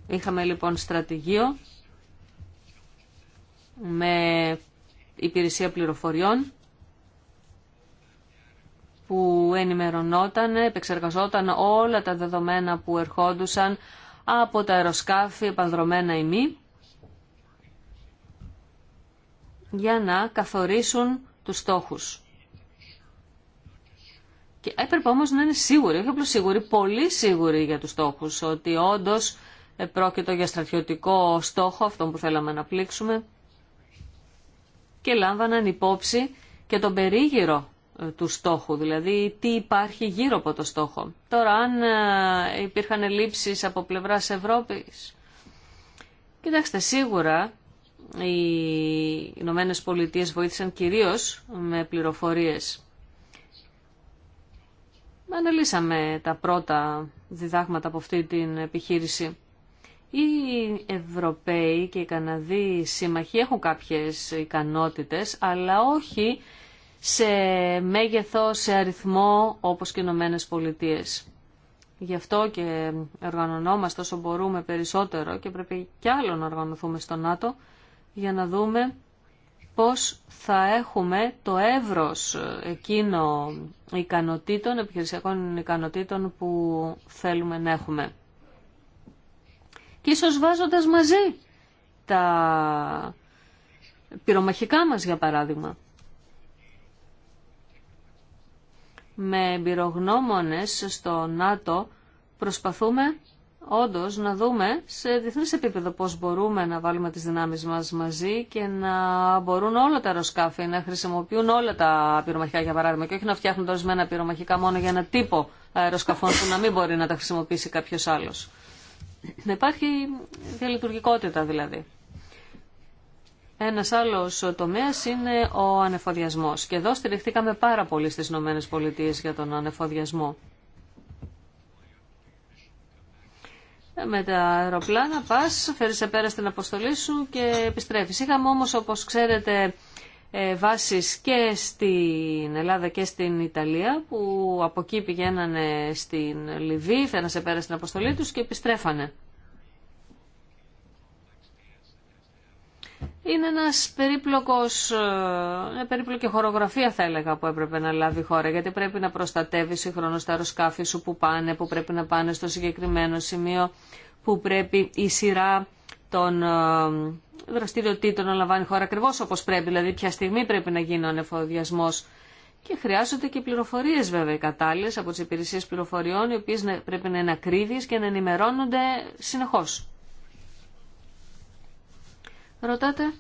Είχαμε λοιπόν στρατηγείο με υπηρεσία πληροφοριών που ενημερωνόταν, επεξεργαζόταν όλα τα δεδομένα που ερχόντουσαν από τα αεροσκάφη επανδρομένα ημί για να καθορίσουν τους στόχους. Και έπρεπε όμως να είναι σίγουροι, όχι απλώς σίγουροι, πολύ σίγουροι για τους στόχους, ότι όντως πρόκειτο για στρατιωτικό στόχο, αυτό που θέλαμε να πλήξουμε, και λάμβαναν υπόψη και τον περίγυρο ε, του στόχου, δηλαδή τι υπάρχει γύρω από το στόχο. Τώρα, αν ε, υπήρχαν λήψεις από πλευράς Ευρώπης, κοιτάξτε, σίγουρα οι Ηνωμένε Πολιτείε βοήθησαν κυρίως με πληροφορίες. Αναλύσαμε τα πρώτα διδάγματα από αυτή την επιχείρηση. Οι Ευρωπαίοι και οι Καναδοί συμμαχοί έχουν κάποιες ικανότητες, αλλά όχι σε μέγεθο, σε αριθμό όπως και οι Ηνωμένε Πολιτείε. Γι' αυτό και οργανωνόμαστε όσο μπορούμε περισσότερο και πρέπει κι άλλο να οργανωθούμε στο ΝΑΤΟ για να δούμε πώς θα έχουμε το εύρος εκείνων ικανοτήτων, επιχειρησιακών ικανοτήτων που θέλουμε να έχουμε και ίσως βάζοντας μαζί τα πυρομαχικά μας για παράδειγμα. Με πυρογνώμονες στο ΝΑΤΟ προσπαθούμε όντως να δούμε σε διεθνέ επίπεδο πώς μπορούμε να βάλουμε τις δυνάμεις μας μαζί και να μπορούν όλα τα αεροσκάφη να χρησιμοποιούν όλα τα πυρομαχικά για παράδειγμα και όχι να φτιάχνουν ορισμένα πυρομαχικά μόνο για ένα τύπο αεροσκαφών που να μην μπορεί να τα χρησιμοποιήσει κάποιος άλλος. Να υπάρχει διαλειτουργικότητα δηλαδή. Ένας άλλος τομέας είναι ο ανεφοδιασμός. Και εδώ στηριχτήκαμε πάρα πολύ στις Ηνωμένες Πολιτείες για τον ανεφοδιασμό. με τα αεροπλάνα πας, φέρεις επέρα στην αποστολή σου και επιστρέφεις. Είχαμε όμως όπως ξέρετε ε, βάσεις και στην Ελλάδα και στην Ιταλία που από εκεί πηγαίνανε στην Λιβύη, φέρασε σε πέρα στην αποστολή τους και επιστρέφανε. Είναι ένας περίπλοκος, ε, μια περίπλοκη χορογραφία θα έλεγα που έπρεπε να λάβει η χώρα γιατί πρέπει να προστατεύει συγχρόνως τα αεροσκάφη σου που πάνε, που πρέπει να πάνε στο συγκεκριμένο σημείο, που πρέπει η σειρά των ε, δραστηριοτήτων να λαμβάνει η χώρα ακριβώ όπω πρέπει. Δηλαδή, ποια στιγμή πρέπει να γίνει ο ανεφοδιασμό. Και χρειάζονται και πληροφορίε, βέβαια, οι κατάλληλε από τι υπηρεσίε πληροφοριών, οι οποίε πρέπει να είναι ακρίβειε και να ενημερώνονται συνεχώ. Ρωτάτε.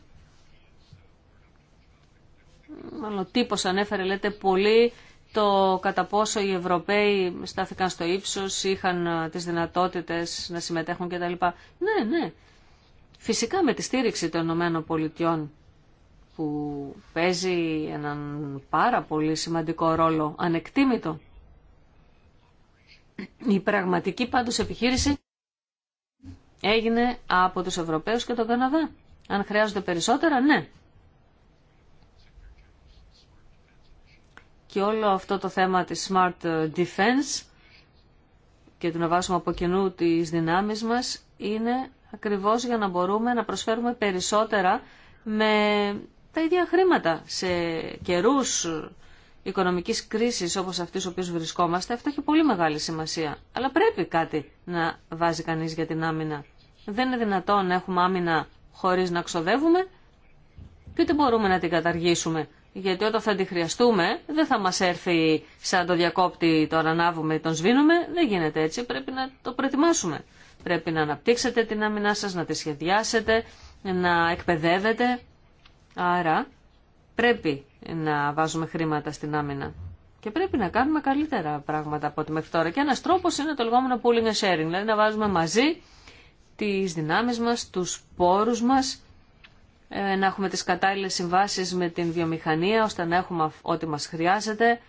Μάλλον ο ανέφερε, λέτε, πολύ το κατά πόσο οι Ευρωπαίοι στάθηκαν στο ύψος, είχαν ε, τις δυνατότητες να συμμετέχουν κτλ. Ναι, ναι, Φυσικά με τη στήριξη των Ηνωμένων Πολιτειών που παίζει έναν πάρα πολύ σημαντικό ρόλο, ανεκτήμητο. Η πραγματική πάντως επιχείρηση έγινε από τους Ευρωπαίους και τον Καναδά. Αν χρειάζονται περισσότερα, ναι. Και όλο αυτό το θέμα της Smart Defense και του να βάσουμε από κοινού τις δυνάμεις μας είναι ακριβώς για να μπορούμε να προσφέρουμε περισσότερα με τα ίδια χρήματα σε καιρούς οικονομικής κρίσης όπως αυτής ο οποίος βρισκόμαστε, αυτό έχει πολύ μεγάλη σημασία. Αλλά πρέπει κάτι να βάζει κανείς για την άμυνα. Δεν είναι δυνατόν να έχουμε άμυνα χωρίς να ξοδεύουμε και ότι μπορούμε να την καταργήσουμε. Γιατί όταν θα τη χρειαστούμε δεν θα μας έρθει σαν το διακόπτη, το ανάβουμε ή τον σβήνουμε. Δεν γίνεται έτσι, πρέπει να το προετοιμάσουμε. Πρέπει να αναπτύξετε την άμυνά σας, να τη σχεδιάσετε, να εκπαιδεύετε. Άρα πρέπει να βάζουμε χρήματα στην άμυνα. Και πρέπει να κάνουμε καλύτερα πράγματα από ό,τι μέχρι τώρα. Και ένας τρόπος είναι το λεγόμενο pooling and sharing, δηλαδή να βάζουμε μαζί τις δυνάμεις μας, τους πόρους μας, ε, να έχουμε τις κατάλληλες συμβάσεις με την βιομηχανία, ώστε να έχουμε ό,τι μας χρειάζεται,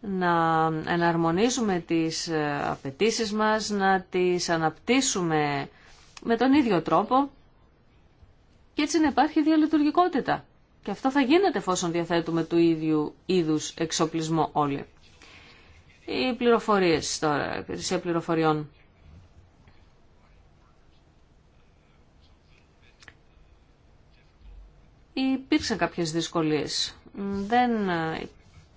να εναρμονίζουμε τις ε, απαιτήσει μας, να τις αναπτύσσουμε με τον ίδιο τρόπο και έτσι να υπάρχει διαλειτουργικότητα. Και αυτό θα γίνεται εφόσον διαθέτουμε του ίδιου είδους εξοπλισμό όλοι. Οι πληροφορίες τώρα, η υπηρεσία πληροφοριών. Υπήρξαν κάποιες δυσκολίες. Δεν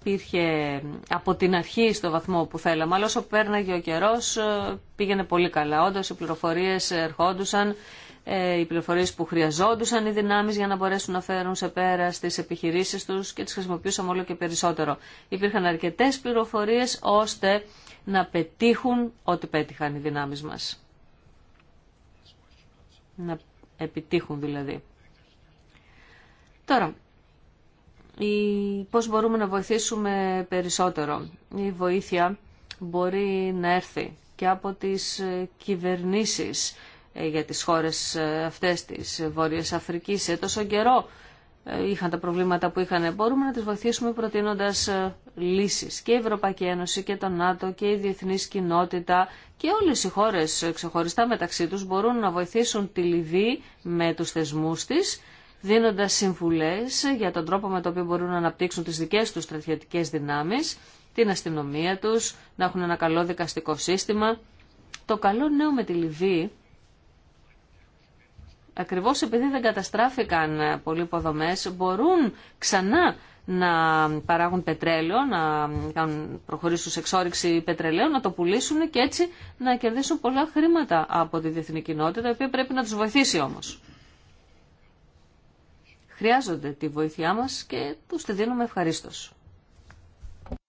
υπήρχε από την αρχή στο βαθμό που θέλαμε, αλλά όσο πέρναγε ο καιρό, ε, πήγαινε πολύ καλά. Όντω, οι πληροφορίες ερχόντουσαν, ε, οι πληροφορίες που χρειαζόντουσαν οι δυνάμει για να μπορέσουν να φέρουν σε πέρα στις επιχειρήσεις τους και τι χρησιμοποιούσαμε όλο και περισσότερο. Υπήρχαν αρκετές πληροφορίες ώστε να πετύχουν ό,τι πέτυχαν οι δυνάμει μα. Να επιτύχουν δηλαδή. Τώρα, πώς μπορούμε να βοηθήσουμε περισσότερο. Η βοήθεια μπορεί να έρθει και από τις ε, κυβερνήσεις ε, για τις χώρες ε, αυτές της Βόρειας Αφρικής. Σε τόσο καιρό είχαν τα προβλήματα που είχαν. Μπορούμε να τις βοηθήσουμε προτείνοντας λύσεις. Και η Ευρωπαϊκή Ένωση και το ΝΑΤΟ και η διεθνής κοινότητα και όλες οι χώρες ξεχωριστά μεταξύ τους μπορούν να βοηθήσουν τη Λιβύη με τους θεσμούς της δίνοντας συμβουλές για τον τρόπο με τον οποίο μπορούν να αναπτύξουν τις δικές τους στρατιωτικές δυνάμεις, την αστυνομία τους, να έχουν ένα καλό δικαστικό σύστημα. Το καλό νέο με τη Λιβύη, ακριβώς επειδή δεν καταστράφηκαν πολλοί υποδομές, μπορούν ξανά να παράγουν πετρέλαιο, να προχωρήσουν σε εξόριξη πετρελαίου, να το πουλήσουν και έτσι να κερδίσουν πολλά χρήματα από τη διεθνή κοινότητα, η οποία πρέπει να τους βοηθήσει όμως χρειάζονται τη βοήθειά μας και τους τη δίνουμε ευχαρίστως.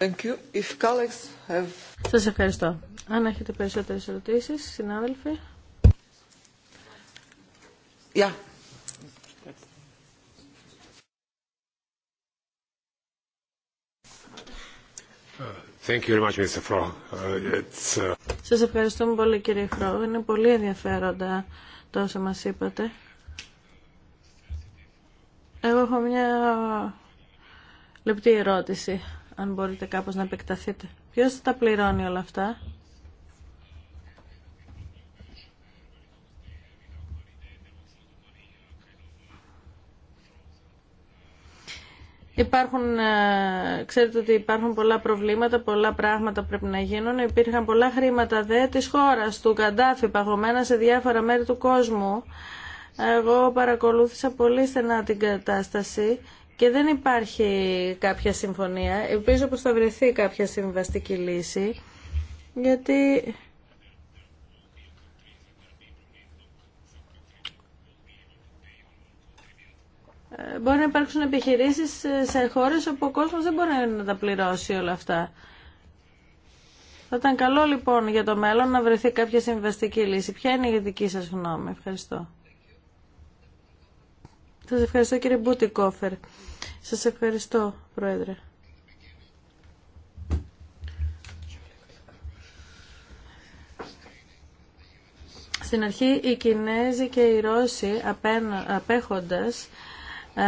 Thank Σας ευχαριστώ. Αν έχετε περισσότερες ερωτήσεις, συνάδελφοι. Yeah. Thank you very much, uh, It's... Uh, Σας ευχαριστούμε πολύ κύριε Φρό. Είναι πολύ ενδιαφέροντα το όσα μας είπατε. Εγώ έχω μια λεπτή ερώτηση, αν μπορείτε κάπως να επεκταθείτε. Ποιος θα τα πληρώνει όλα αυτά? Υπάρχουν, ε, ξέρετε ότι υπάρχουν πολλά προβλήματα, πολλά πράγματα πρέπει να γίνουν. Υπήρχαν πολλά χρήματα δε της χώρας του Καντάφη παγωμένα σε διάφορα μέρη του κόσμου. Εγώ παρακολούθησα πολύ στενά την κατάσταση και δεν υπάρχει κάποια συμφωνία. Ελπίζω πως θα βρεθεί κάποια συμβαστική λύση, γιατί μπορεί να υπάρξουν επιχειρήσεις σε χώρες όπου ο κόσμος δεν μπορεί να τα πληρώσει όλα αυτά. Θα ήταν καλό λοιπόν για το μέλλον να βρεθεί κάποια συμβαστική λύση. Ποια είναι η δική σας γνώμη. Ευχαριστώ. Σας ευχαριστώ κύριε Μπουτικόφερ. Σας ευχαριστώ Πρόεδρε. Στην αρχή οι Κινέζοι και οι Ρώσοι απέχοντας ε,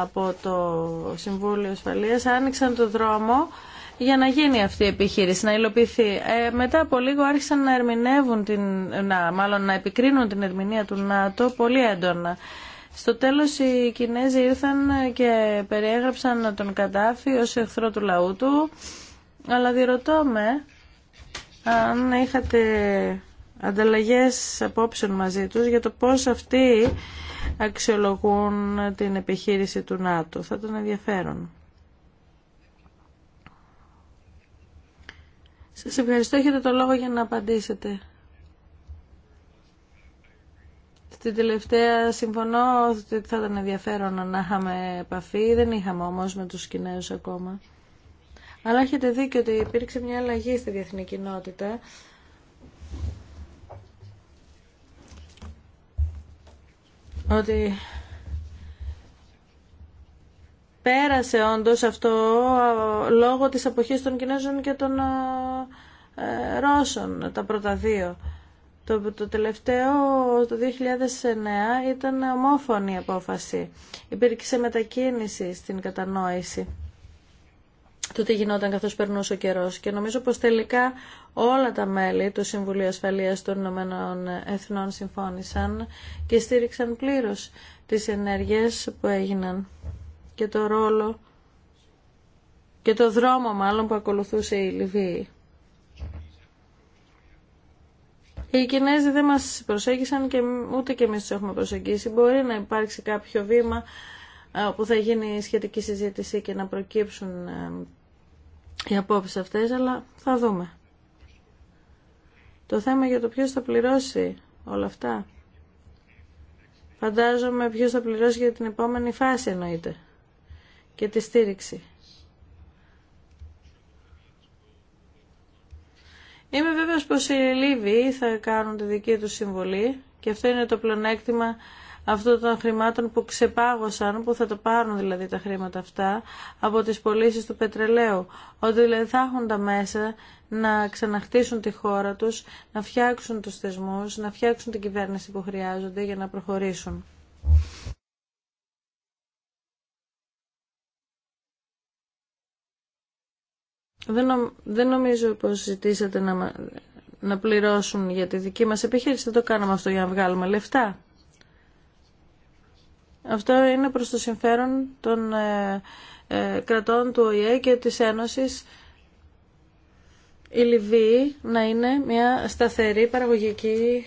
από το Συμβούλιο Ασφαλείας άνοιξαν το δρόμο για να γίνει αυτή η επιχείρηση, να υλοποιηθεί. Ε, μετά από λίγο άρχισαν να ερμηνεύουν την, να, μάλλον να επικρίνουν την ερμηνεία του ΝΑΤΟ πολύ έντονα. Στο τέλος οι Κινέζοι ήρθαν και περιέγραψαν τον Καντάφη ως εχθρό του λαού του, αλλά διερωτώ με αν είχατε ανταλλαγές απόψεων μαζί τους για το πώς αυτοί αξιολογούν την επιχείρηση του ΝΑΤΟ. Θα τον ενδιαφέρον. Σας ευχαριστώ. Έχετε το λόγο για να απαντήσετε. Στην τελευταία συμφωνώ ότι θα ήταν ενδιαφέρον να είχαμε επαφή. Δεν είχαμε όμως με τους Κινέζους ακόμα. Αλλά έχετε δίκιο ότι υπήρξε μια αλλαγή στη διεθνή κοινότητα. Ότι πέρασε όντως αυτό λόγω της αποχής των Κινέζων και των ε, ε, Ρώσων, τα πρώτα δύο. Το, το τελευταίο, το 2009, ήταν ομόφωνη η απόφαση. Υπήρξε μετακίνηση στην κατανόηση του τι γινόταν καθώς περνούσε ο καιρός. Και νομίζω πως τελικά όλα τα μέλη του Συμβουλίου Ασφαλείας των Ηνωμένων Εθνών συμφώνησαν και στήριξαν πλήρως τις ενέργειες που έγιναν και το ρόλο και το δρόμο μάλλον που ακολουθούσε η Λιβύη. Οι Κινέζοι δεν μας προσέγγισαν και ούτε και εμείς τους έχουμε προσεγγίσει. Μπορεί να υπάρξει κάποιο βήμα που θα γίνει σχετική συζήτηση και να προκύψουν οι απόψεις αυτές, αλλά θα δούμε. Το θέμα για το ποιος θα πληρώσει όλα αυτά. Φαντάζομαι ποιος θα πληρώσει για την επόμενη φάση εννοείται και τη στήριξη. Είμαι βέβαιος πως οι Λίβοι θα κάνουν τη δική τους συμβολή και αυτό είναι το πλονέκτημα αυτών των χρημάτων που ξεπάγωσαν, που θα το πάρουν δηλαδή τα χρήματα αυτά από τις πωλήσει του πετρελαίου. Ότι δηλαδή θα έχουν τα μέσα να ξαναχτίσουν τη χώρα τους, να φτιάξουν τους θεσμούς, να φτιάξουν την κυβέρνηση που χρειάζονται για να προχωρήσουν. Δεν, δεν νομίζω πως ζητήσατε να, να πληρώσουν για τη δική μας επιχείρηση. Δεν το κάναμε αυτό για να βγάλουμε λεφτά. Αυτό είναι προς το συμφέρον των ε, ε, κρατών του ΟΗΕ και της Ένωσης η Λιβύη να είναι μια σταθερή παραγωγική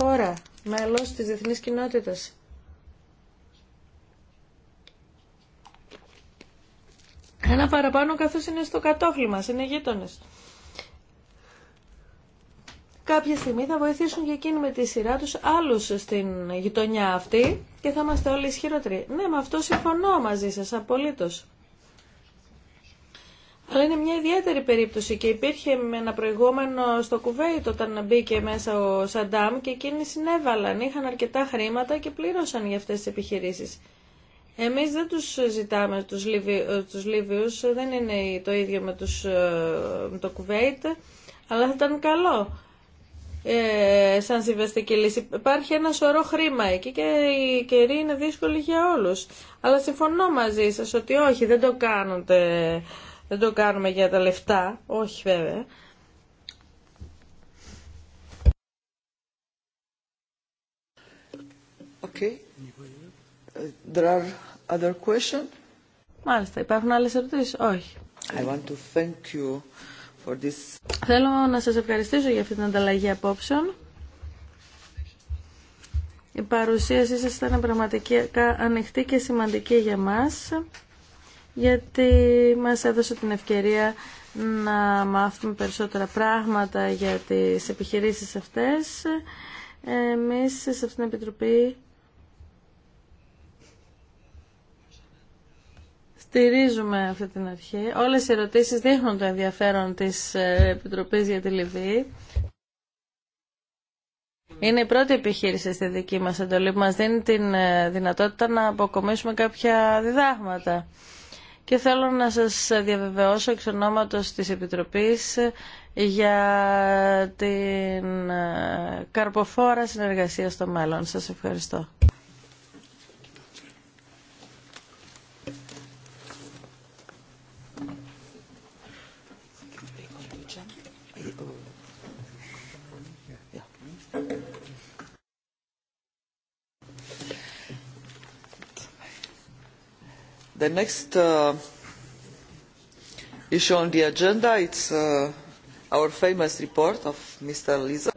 χώρα, μέλος της διεθνής κοινότητας. Ένα παραπάνω καθώ είναι στο κατόφλι μα, είναι γείτονε. Κάποια στιγμή θα βοηθήσουν και εκείνοι με τη σειρά του άλλου στην γειτονιά αυτή και θα είμαστε όλοι ισχυρότεροι. Ναι, με αυτό συμφωνώ μαζί σα απολύτω. Αλλά είναι μια ιδιαίτερη περίπτωση και υπήρχε με ένα προηγούμενο στο Κουβέιτ όταν μπήκε μέσα ο Σαντάμ και εκείνοι συνέβαλαν, είχαν αρκετά χρήματα και πλήρωσαν για αυτές τις επιχειρήσεις. Εμείς δεν τους ζητάμε τους, Λίβιου, Λίβιους, δεν είναι το ίδιο με, τους, ε, το Κουβέιτ, αλλά θα ήταν καλό ε, σαν συμβαστική λύση. Υπάρχει ένα σωρό χρήμα εκεί και η καιρή είναι δύσκολη για όλους. Αλλά συμφωνώ μαζί σας ότι όχι, δεν το, κάνετε, δεν το κάνουμε για τα λεφτά, όχι βέβαια. Μάλιστα, υπάρχουν άλλε ερωτήσει. Όχι. I Θέλω να σα ευχαριστήσω για αυτή την ανταλλαγή απόψεων. Η παρουσίασή σας ήταν πραγματικά ανοιχτή και σημαντική για μας, γιατί μας έδωσε την ευκαιρία να μάθουμε περισσότερα πράγματα για τι επιχειρήσει αυτές. Εμεί σε αυτήν την Επιτροπή Στηρίζουμε αυτή την αρχή. Όλες οι ερωτήσεις δείχνουν το ενδιαφέρον της ε, Επιτροπής για τη Λιβύη. Είναι η πρώτη επιχείρηση στη δική μας εντολή που μας δίνει την ε, δυνατότητα να αποκομίσουμε κάποια διδάγματα. Και θέλω να σας διαβεβαιώσω εξ ονόματος της Επιτροπής για την ε, καρποφόρα συνεργασία στο μέλλον. Σας ευχαριστώ. The next uh, on the agenda uh,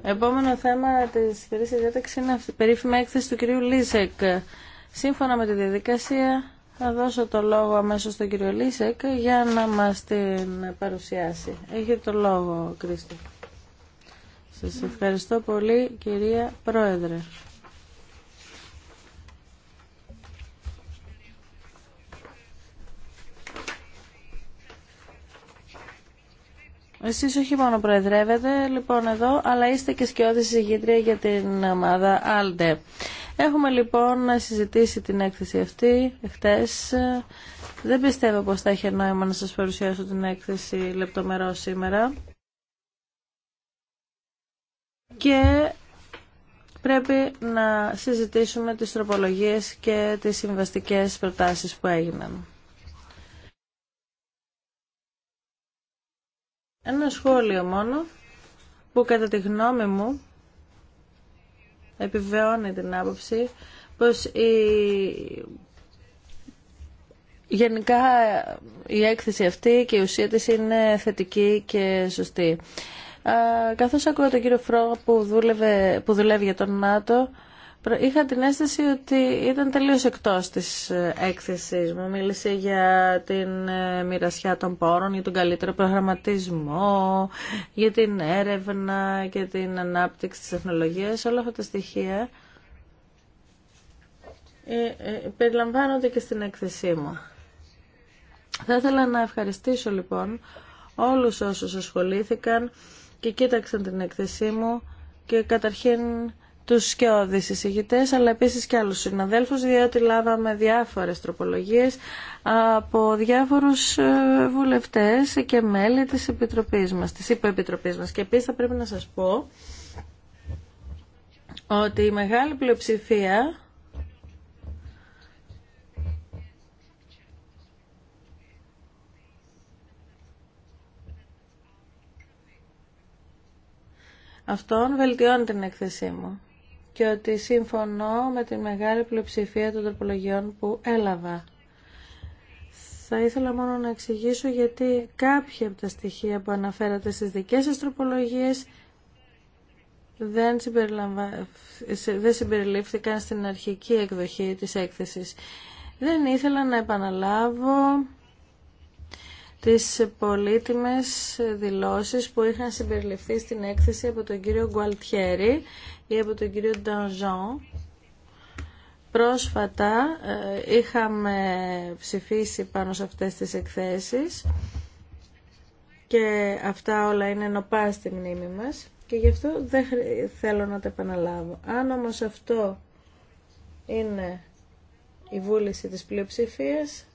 Επόμενο θέμα της κυρίας διάταξης είναι η περίφημη έκθεση του κυρίου Λίσεκ. Σύμφωνα με τη διαδικασία θα δώσω το λόγο αμέσως στον κύριο Λίσεκ για να μας την παρουσιάσει. Έχετε το λόγο, Κρίστο. Σας ευχαριστώ πολύ, κυρία Πρόεδρε. Εσείς όχι μόνο προεδρεύετε λοιπόν εδώ, αλλά είστε και σκιώδη συζήτρια για την ομάδα ALDE. Έχουμε λοιπόν συζητήσει την έκθεση αυτή χτες. Δεν πιστεύω πως θα έχει νόημα να σας παρουσιάσω την έκθεση λεπτομερό σήμερα. Και πρέπει να συζητήσουμε τις τροπολογίες και τις συμβαστικές προτάσεις που έγιναν. Ένα σχόλιο μόνο που κατά τη γνώμη μου επιβεώνει την άποψη πως η... γενικά η έκθεση αυτή και η ουσία της είναι θετική και σωστή. Καθώς ακούω τον κύριο Φρόγα που, που δουλεύει για τον ΝΑΤΟ, είχα την αίσθηση ότι ήταν τελείως εκτός της ε, έκθεσης μου. Μίλησε για την ε, μοιρασιά των πόρων, για τον καλύτερο προγραμματισμό, για την έρευνα και την ανάπτυξη της τεχνολογίας, όλα αυτά τα στοιχεία ε, περιλαμβάνονται και στην έκθεσή μου. Θα ήθελα να ευχαριστήσω λοιπόν όλους όσους ασχολήθηκαν και κοίταξαν την έκθεσή μου και καταρχήν τους σκιώδεις εισηγητές, αλλά επίσης και άλλους συναδέλφους, διότι λάβαμε διάφορες τροπολογίες από διάφορους ε, βουλευτές και μέλη της Επιτροπής μας, της Υποεπιτροπής μας. Και επίσης θα πρέπει να σας πω ότι η μεγάλη πλειοψηφία Αυτόν βελτιώνει την έκθεσή μου και ότι συμφωνώ με τη μεγάλη πλειοψηφία των τροπολογιών που έλαβα. Θα ήθελα μόνο να εξηγήσω γιατί κάποια από τα στοιχεία που αναφέρατε στις δικές σας τροπολογίες δεν, δεν συμπεριλήφθηκαν στην αρχική εκδοχή της έκθεσης. Δεν ήθελα να επαναλάβω τις πολύτιμες δηλώσεις που είχαν συμπεριληφθεί στην έκθεση από τον κύριο Γκουαλτιέρη ή από τον κύριο Ντανζόν. Πρόσφατα ε, είχαμε ψηφίσει πάνω σε αυτές τις εκθέσεις και αυτά όλα είναι νοπά στη μνήμη μας και γι' αυτό δεν θέλω να τα επαναλάβω. Αν όμως αυτό είναι η βούληση της πλειοψηφίας,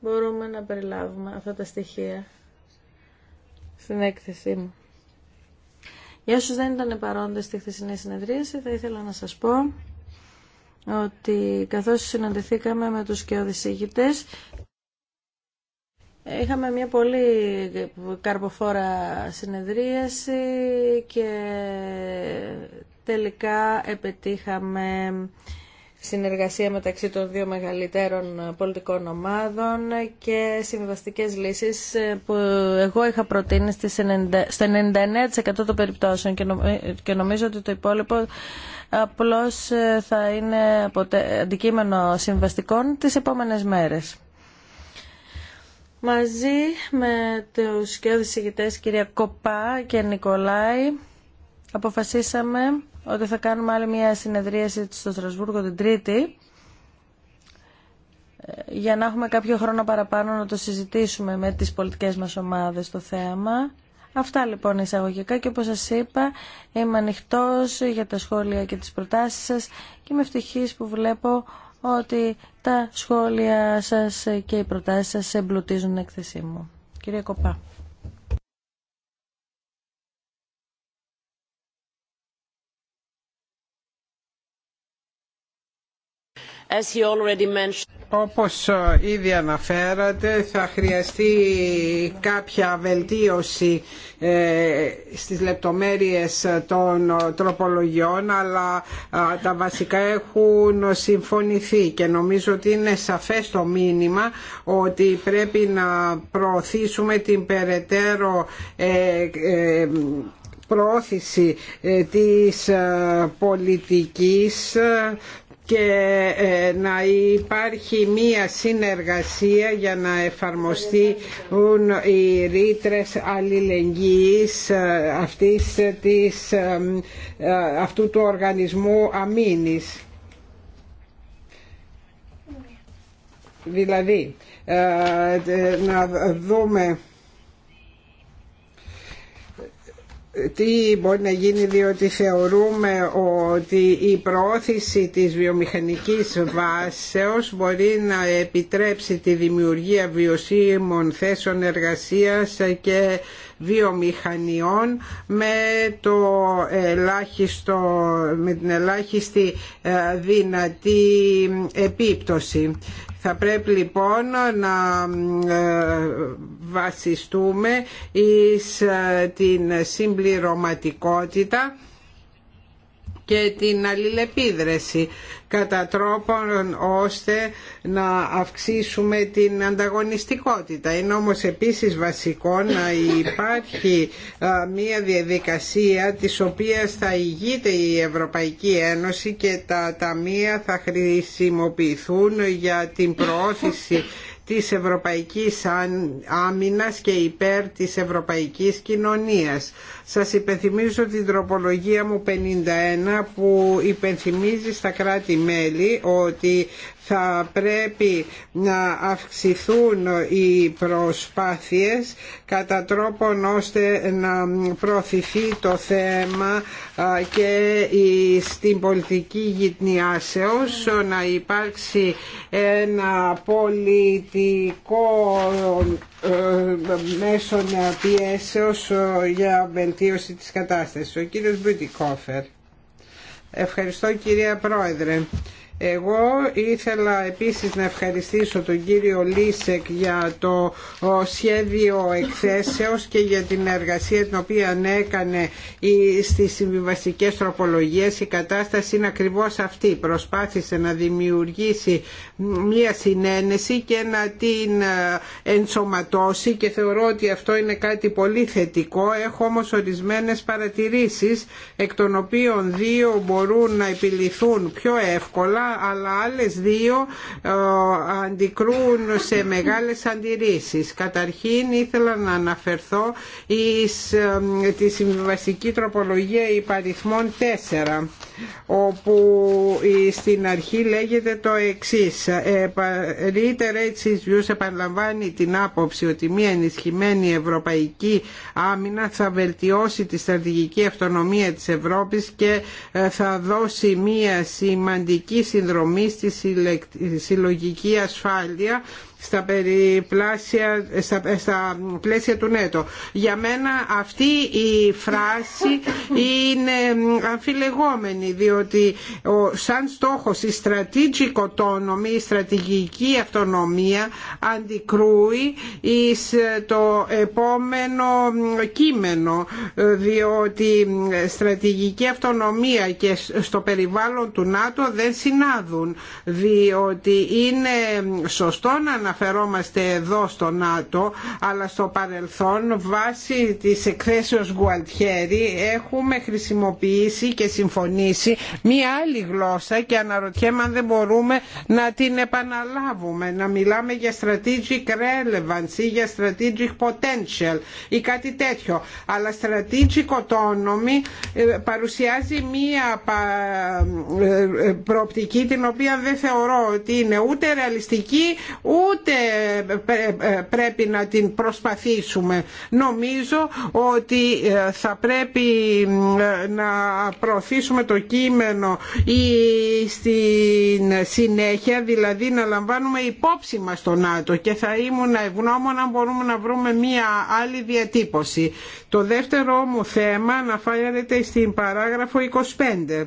μπορούμε να περιλάβουμε αυτά τα στοιχεία στην έκθεσή μου. Για όσους δεν ήταν παρόντες στη χθεσινή συνεδρίαση, θα ήθελα να σας πω ότι καθώς συναντηθήκαμε με τους και οδησίγητες, Είχαμε μια πολύ καρποφόρα συνεδρίαση και τελικά επιτύχαμε συνεργασία μεταξύ των δύο μεγαλύτερων πολιτικών ομάδων και συμβαστικές λύσεις που εγώ είχα προτείνει στο 99% των περιπτώσεων ε, και νομίζω ότι το υπόλοιπο απλώς ε, θα είναι αντικείμενο συμβαστικών τις επόμενες μέρες. Μαζί με τους και ηγητές κυρία Κοπά και Νικολάη αποφασίσαμε ότι θα κάνουμε άλλη μια συνεδρίαση στο Στρασβούργο την Τρίτη ε, για να έχουμε κάποιο χρόνο παραπάνω να το συζητήσουμε με τις πολιτικές μας ομάδες το θέμα. Αυτά λοιπόν εισαγωγικά και όπως σας είπα είμαι ανοιχτό για τα σχόλια και τις προτάσεις σας και με ευτυχής που βλέπω ότι τα σχόλια σας και οι προτάσεις σας εμπλουτίζουν την έκθεσή μου. Κύριε Κοπά. As Όπως ε, ήδη αναφέρατε θα χρειαστεί κάποια βελτίωση ε, στις λεπτομέρειες των ε, τροπολογιών αλλά τα βασικά έχουν συμφωνηθεί και νομίζω ότι είναι σαφές το μήνυμα ότι πρέπει να προωθήσουμε την περαιτέρω προώθηση της πολιτικής και ε, να υπάρχει μία συνεργασία για να εφαρμοστεί οι ρήτρε αλληλεγγύης ε, αυτής ε, αυτού του οργανισμού αμήνης. Δηλαδή, να δούμε Ε, τι μπορεί να γίνει διότι θεωρούμε ότι η προώθηση της βιομηχανικής βάσεως μπορεί να επιτρέψει τη δημιουργία βιωσίμων θέσεων εργασίας και βιομηχανιών με, το ελάχιστο, με την ελάχιστη ε, δυνατή επίπτωση. Θα πρέπει λοιπόν να ε, βασιστούμε εις ε, την συμπληρωματικότητα και την αλληλεπίδραση κατά τρόπον ώστε να αυξήσουμε την ανταγωνιστικότητα. Είναι όμως επίσης βασικό να υπάρχει μια διαδικασία της οποίας θα ηγείται η Ευρωπαϊκή Ένωση και τα ταμεία θα χρησιμοποιηθούν για την προώθηση της Ευρωπαϊκής Άμυνας και υπέρ της Ευρωπαϊκής Κοινωνίας. Σας υπενθυμίζω την τροπολογία μου 51 που υπενθυμίζει στα κράτη-μέλη ότι θα πρέπει να αυξηθούν οι προσπάθειες κατά τρόπον ώστε να προωθηθεί το θέμα και στην πολιτική γυτνιάσεως να υπάρξει ένα πολιτικό ε, μέσο πιέσεως ε, για βελτίωση της κατάστασης. Ο κύριος Μπιουτικόφερ. Ευχαριστώ κυρία Πρόεδρε. Εγώ ήθελα επίσης να ευχαριστήσω τον κύριο Λίσεκ για το σχέδιο εκθέσεως και για την εργασία την οποία έκανε στις συμβιβαστικές τροπολογίες. Η κατάσταση είναι ακριβώς αυτή. Προσπάθησε να δημιουργήσει μία συνένεση και να την ε, ενσωματώσει και θεωρώ ότι αυτό είναι κάτι πολύ θετικό. Έχω όμως ορισμένες παρατηρήσεις εκ των οποίων δύο μπορούν να επιληθούν πιο εύκολα αλλά άλλες δύο ε, αντικρούν σε μεγάλες αντιρρήσεις. Καταρχήν ήθελα να αναφερθώ εις ε, τη συμβιβαστική τροπολογία υπαριθμών 4 όπου στην αρχή λέγεται το εξής ε, Reiterate his views» επαναλαμβάνει την άποψη ότι μια ενισχυμένη ευρωπαϊκή άμυνα θα βελτιώσει τη στρατηγική αυτονομία της Ευρώπης και ε, θα δώσει μια σημαντική συνδρομή στη συλλογική ασφάλεια στα, περιπλάσια, στα, στα πλαίσια του ΝΕΤΟ. Για μένα αυτή η φράση είναι αμφιλεγόμενη διότι ο, σαν στόχος η η στρατηγική αυτονομία αντικρούει εις το επόμενο κείμενο διότι στρατηγική αυτονομία και στο περιβάλλον του ΝΑΤΟ δεν συνάδουν διότι είναι σωστό να αναφερόμαστε εδώ στο ΝΑΤΟ αλλά στο παρελθόν βάσει της εκθέσεως Γκουαλτιέρη έχουμε χρησιμοποιήσει και συμφωνήσει μία άλλη γλώσσα και αναρωτιέμαι αν δεν μπορούμε να την επαναλάβουμε να μιλάμε για strategic relevance ή για strategic potential ή κάτι τέτοιο αλλά strategic autonomy ε, παρουσιάζει μία ε, ε, προοπτική την οποία δεν θεωρώ ότι είναι ούτε ρεαλιστική ούτε τότε ε, ε, πρέπει να την προσπαθήσουμε. Νομίζω ότι ε, θα πρέπει να προωθήσουμε το κείμενο ή στην συνέχεια, δηλαδή να λαμβάνουμε υπόψη μας στο ΝΑΤΟ και θα ήμουν ευγνώμων αν μπορούμε να βρούμε μία άλλη διατύπωση. Το δεύτερο μου θέμα αναφέρεται στην παράγραφο 25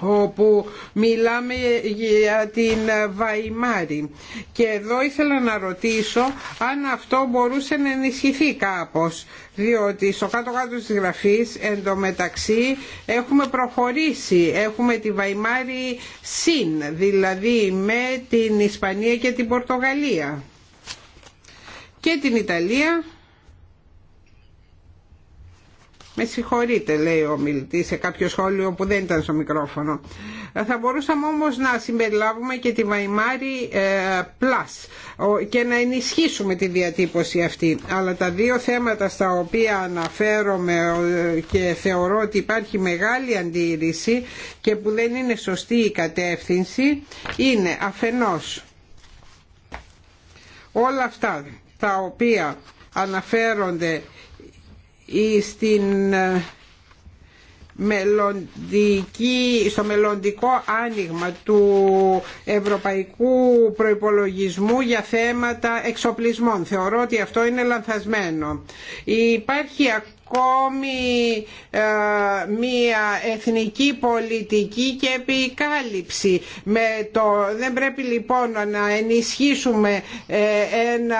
όπου μιλάμε για την Βαϊμάρη. Και εδώ ήθελα να ρωτήσω αν αυτό μπορούσε να ενισχυθεί κάπως, διότι στο κάτω-κάτω της γραφής μεταξύ έχουμε προχωρήσει, έχουμε τη Βαϊμάρη συν, δηλαδή με την Ισπανία και την Πορτογαλία και την Ιταλία με συγχωρείτε λέει ο μιλητή σε κάποιο σχόλιο που δεν ήταν στο μικρόφωνο. Ε, θα μπορούσαμε όμως να συμπεριλάβουμε και τη Βαϊμάρη ε, Plus και να ενισχύσουμε τη διατύπωση αυτή. Αλλά τα δύο θέματα στα οποία αναφέρομαι ε, και θεωρώ ότι υπάρχει μεγάλη αντίρρηση και που δεν είναι σωστή η κατεύθυνση είναι αφενός όλα αυτά τα οποία αναφέρονται στην ε, στο μελλοντικό άνοιγμα του ευρωπαϊκού προϋπολογισμού για θέματα εξοπλισμών. Θεωρώ ότι αυτό είναι λανθασμένο. Υπάρχει ακόμη ε, μία εθνική πολιτική και επικάλυψη. Με το... Δεν πρέπει λοιπόν να ενισχύσουμε ε, ένα,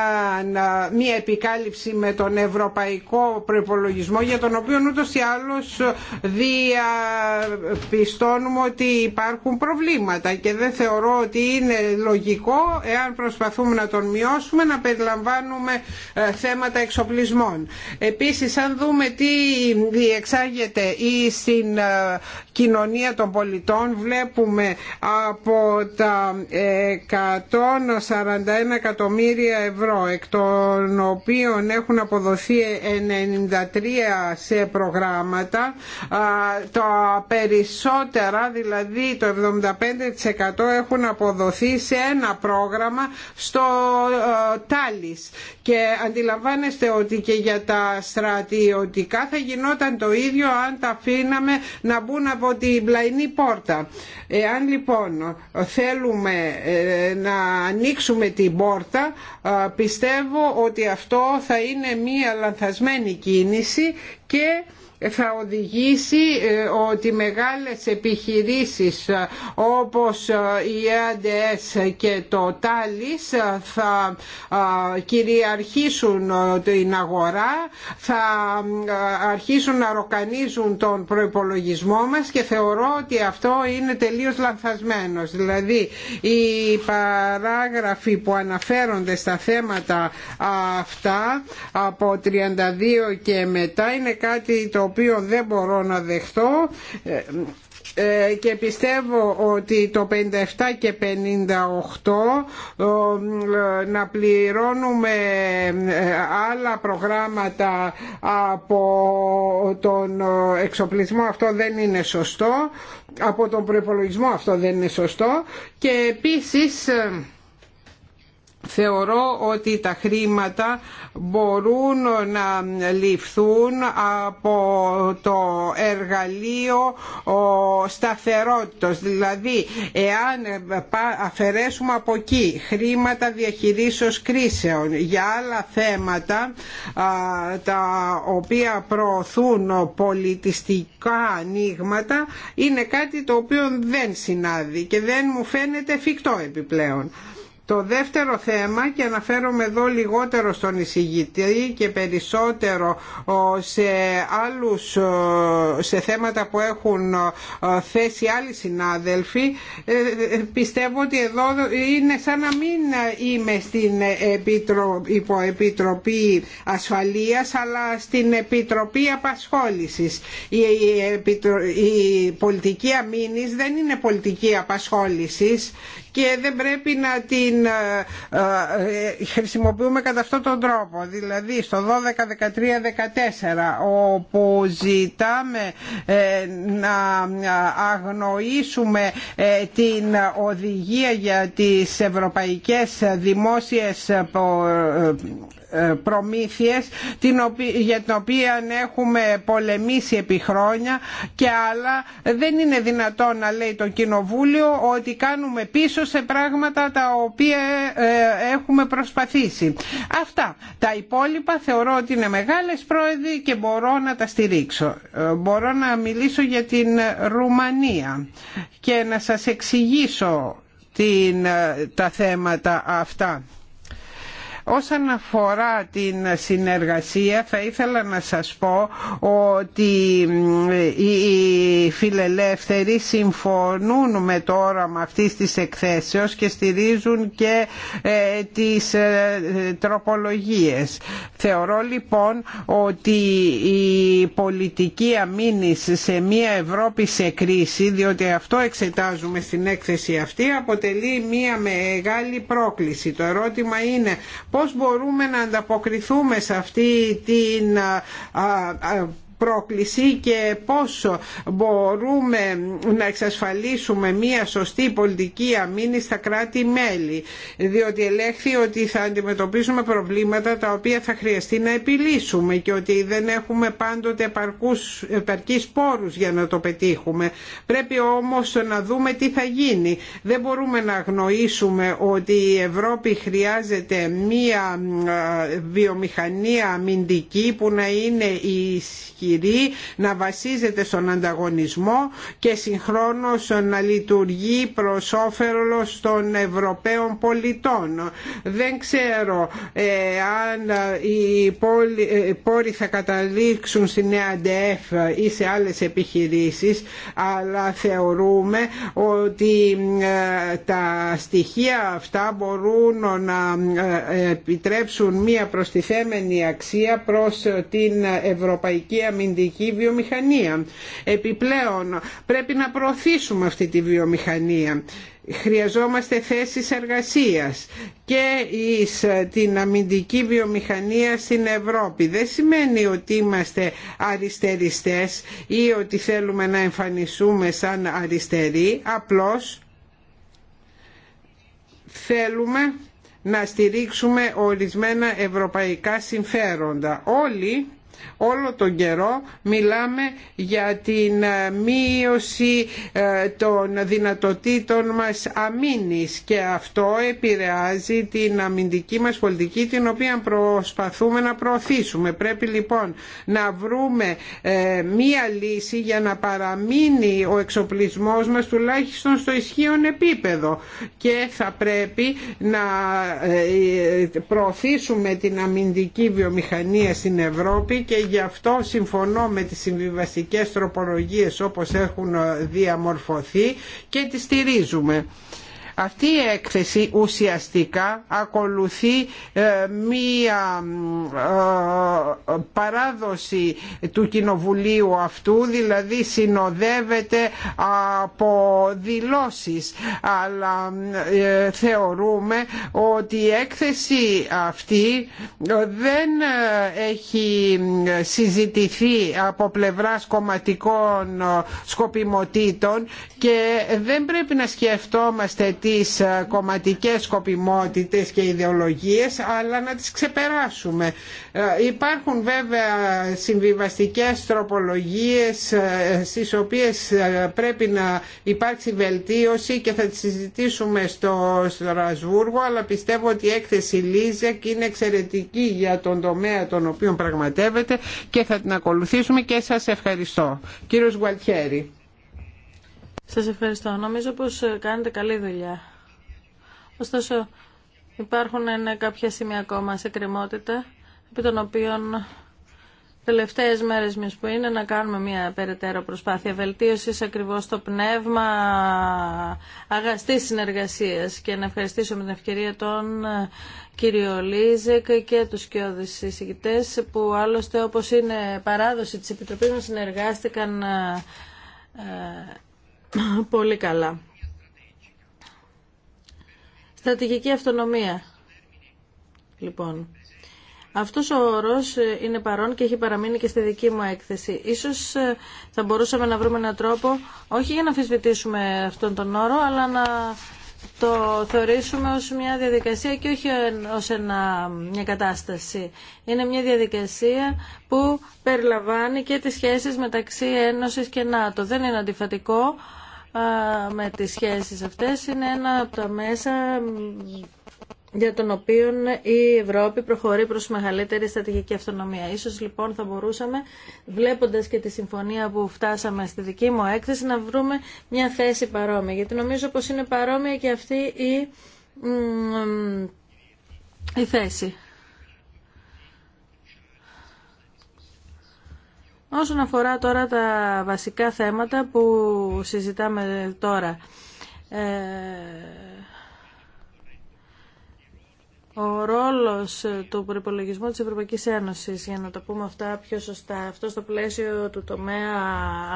μία επικάλυψη με τον ευρωπαϊκό προπολογισμό για τον οποίο ούτως ή άλλως διαπιστώνουμε ότι υπάρχουν προβλήματα και δεν θεωρώ ότι είναι λογικό εάν προσπαθούμε να τον μειώσουμε να περιλαμβάνουμε ε, θέματα εξοπλισμών. Επίσης αν δούμε δούμε τι διεξάγεται ή στην ε, κοινωνία των πολιτών βλέπουμε από τα 141 ε, εκατομμύρια ευρώ εκ των οποίων έχουν αποδοθεί 93 σε προγράμματα τα περισσότερα δηλαδή το 75% έχουν αποδοθεί σε ένα πρόγραμμα στο ε, Τάλις και αντιλαμβάνεστε ότι και για τα στρατιωτικά διαφορετικά θα γινόταν το ίδιο αν τα αφήναμε να μπουν από την πλαϊνή πόρτα. Εάν λοιπόν θέλουμε ε, να ανοίξουμε την πόρτα πιστεύω ότι αυτό θα είναι μία λανθασμένη κίνηση και θα οδηγήσει ε, ότι μεγάλες επιχειρήσεις ε, όπως ε, η ΕΑΝΤΕΣ και το ΤΑΛΙΣ θα κυριαρχήσουν την αγορά, θα αρχίσουν να ροκανίζουν τον προϋπολογισμό μας και θεωρώ ότι αυτό είναι τελείως λανθασμένος. Δηλαδή οι παράγραφοι που αναφέρονται στα θέματα αυτά από 32 και μετά είναι κάτι το οποίο δεν μπορώ να δεχτώ ε, ε, και πιστεύω ότι το 57 και 58 ε, να πληρώνουμε άλλα προγράμματα από τον εξοπλισμό αυτό δεν είναι σωστό από τον προϋπολογισμό αυτό δεν είναι σωστό και επίσης Θεωρώ ότι τα χρήματα μπορούν να ληφθούν από το εργαλείο σταθερότητα. Δηλαδή, εάν αφαιρέσουμε από εκεί χρήματα διαχειρίσεως κρίσεων για άλλα θέματα τα οποία προωθούν πολιτιστικά ανοίγματα, είναι κάτι το οποίο δεν συνάδει και δεν μου φαίνεται εφικτό επιπλέον. Το δεύτερο θέμα και αναφέρομαι εδώ λιγότερο στον εισηγητή και περισσότερο σε, άλλους, σε θέματα που έχουν θέσει άλλοι συνάδελφοι ε, ε, πιστεύω ότι εδώ είναι σαν να μην είμαι στην Επιτροπή Υποεπιτροπή Ασφαλείας αλλά στην Επιτροπή Απασχόλησης. Η, η πολιτική αμήνης δεν είναι πολιτική απασχόλησης και δεν πρέπει να την ε, ε, χρησιμοποιούμε κατά αυτόν τον τρόπο. Δηλαδή στο 12, 13, 14 όπου ζητάμε ε, να αγνοήσουμε την οδηγία για τις ευρωπαϊκές δημόσιες προμήθειες για την οποία έχουμε πολεμήσει επί χρόνια και άλλα δεν είναι δυνατόν να λέει το Κοινοβούλιο ότι κάνουμε πίσω σε πράγματα τα οποία ε, έχουμε προσπαθήσει. Αυτά. Τα υπόλοιπα θεωρώ ότι είναι μεγάλες πρόεδροι και μπορώ να τα στηρίξω. Ε, μπορώ να μιλήσω για την Ρουμανία και να σας εξηγήσω την, ε, τα θέματα αυτά. Όσον αφορά την συνεργασία θα ήθελα να σας πω ότι οι φιλελεύθεροι συμφωνούν με το όραμα αυτής της εκθέσεως και στηρίζουν και ε, τις ε, τροπολογίες. Θεωρώ λοιπόν ότι η πολιτική αμήνης σε μια Ευρώπη σε κρίση, διότι αυτό εξετάζουμε στην έκθεση αυτή, αποτελεί μια μεγάλη πρόκληση. Το ερώτημα είναι πώς μπορούμε να ανταποκριθούμε σε αυτή την πρόκληση και πόσο μπορούμε να εξασφαλίσουμε μία σωστή πολιτική αμήνη στα κράτη-μέλη διότι ελέγχθη ότι θα αντιμετωπίσουμε προβλήματα τα οποία θα χρειαστεί να επιλύσουμε και ότι δεν έχουμε πάντοτε επαρκούς, επαρκείς πόρους για να το πετύχουμε. Πρέπει όμως να δούμε τι θα γίνει. Δεν μπορούμε να αγνοήσουμε ότι η Ευρώπη χρειάζεται μία βιομηχανία αμυντική που να είναι ισχυρή να βασίζεται στον ανταγωνισμό και συγχρόνως να λειτουργεί προς όφελος των Ευρωπαίων πολιτών. Δεν ξέρω ε, αν οι ε, πόροι θα καταλήξουν στην ΕΑΝΤΕΕΦ ή σε άλλες επιχειρήσεις, αλλά θεωρούμε ότι ε, τα στοιχεία αυτά μπορούν να επιτρέψουν μία προστιθέμενη αξία προς την ευρωπαϊκή Αμερική αμυντική βιομηχανία. Επιπλέον πρέπει να προωθήσουμε αυτή τη βιομηχανία. Χρειαζόμαστε θέσεις εργασίας και εις την αμυντική βιομηχανία στην Ευρώπη. Δεν σημαίνει ότι είμαστε αριστεριστές ή ότι θέλουμε να εμφανιστούμε σαν αριστεροί, απλώς θέλουμε να στηρίξουμε ορισμένα ευρωπαϊκά συμφέροντα. Όλοι Όλο τον καιρό μιλάμε για την ε, μείωση ε, των δυνατοτήτων μας αμήνης και αυτό επηρεάζει την αμυντική μας πολιτική την οποία προσπαθούμε να προωθήσουμε. Πρέπει λοιπόν να βρούμε ε, μία λύση για να παραμείνει ο εξοπλισμός μας τουλάχιστον στο ισχύον επίπεδο και θα πρέπει να προωθήσουμε την αμυντική βιομηχανία στην Ευρώπη και γι' αυτό συμφωνώ με τις συμβιβαστικές τροπολογίες όπως έχουν διαμορφωθεί και τις στηρίζουμε. Αυτή η έκθεση ουσιαστικά ακολουθεί ε, μία ε, παράδοση του κοινοβουλίου αυτού, δηλαδή συνοδεύεται από δηλώσεις, αλλά ε, θεωρούμε ότι η έκθεση αυτή δεν έχει συζητηθεί από πλευράς κομματικών σκοπιμοτήτων και δεν πρέπει να σκεφτόμαστε τις ε, κομματικές σκοπιμότητες και ιδεολογίες αλλά να τις ξεπεράσουμε. Ε, υπάρχουν βέβαια συμβιβαστικές τροπολογίες ε, στις οποίες πρέπει να υπάρξει βελτίωση και θα τις συζητήσουμε στο Στρασβούργο αλλά πιστεύω ότι η έκθεση Λίζεκ είναι εξαιρετική για τον τομέα τον οποίο πραγματεύεται και θα την ακολουθήσουμε και σας ευχαριστώ. Κύριος Γουαλτιέρη. Σας ευχαριστώ. Νομίζω πως ε, κάνετε καλή δουλειά. Ωστόσο, υπάρχουν ε, κάποια σημεία ακόμα σε κρεμότητα, επί των οποίων τελευταίες μέρες μιας που είναι να κάνουμε μια περαιτέρω προσπάθεια βελτίωσης ακριβώς το πνεύμα αγαστής συνεργασίας και να ευχαριστήσω με την ευκαιρία τον ε, κύριο Λίζεκ και τους κοιόδης συζητητές που άλλωστε όπως είναι παράδοση της Επιτροπής μας συνεργάστηκαν Πολύ καλά. Στρατηγική αυτονομία. Λοιπόν, αυτός ο όρος είναι παρόν και έχει παραμείνει και στη δική μου έκθεση. Ίσως ε, θα μπορούσαμε να βρούμε έναν τρόπο, όχι για να αμφισβητήσουμε αυτόν τον όρο, αλλά να το θεωρήσουμε ως μια διαδικασία και όχι ως μια κατάσταση. Είναι μια διαδικασία που περιλαμβάνει και τις σχέσεις μεταξύ Ένωσης και ΝΑΤΟ. Δεν είναι αντιφατικό, με τις σχέσεις αυτές είναι ένα από τα μέσα για τον οποίο η Ευρώπη προχωρεί προς μεγαλύτερη στρατηγική αυτονομία. Ίσως λοιπόν θα μπορούσαμε, βλέποντας και τη συμφωνία που φτάσαμε στη δική μου έκθεση, να βρούμε μια θέση παρόμοια. Γιατί νομίζω πως είναι παρόμοια και αυτή η, η θέση. Όσον αφορά τώρα τα βασικά θέματα που συζητάμε τώρα. Ε, ο ρόλος του προπολογισμού της Ευρωπαϊκής Ένωσης, για να το πούμε αυτά πιο σωστά, αυτό στο πλαίσιο του τομέα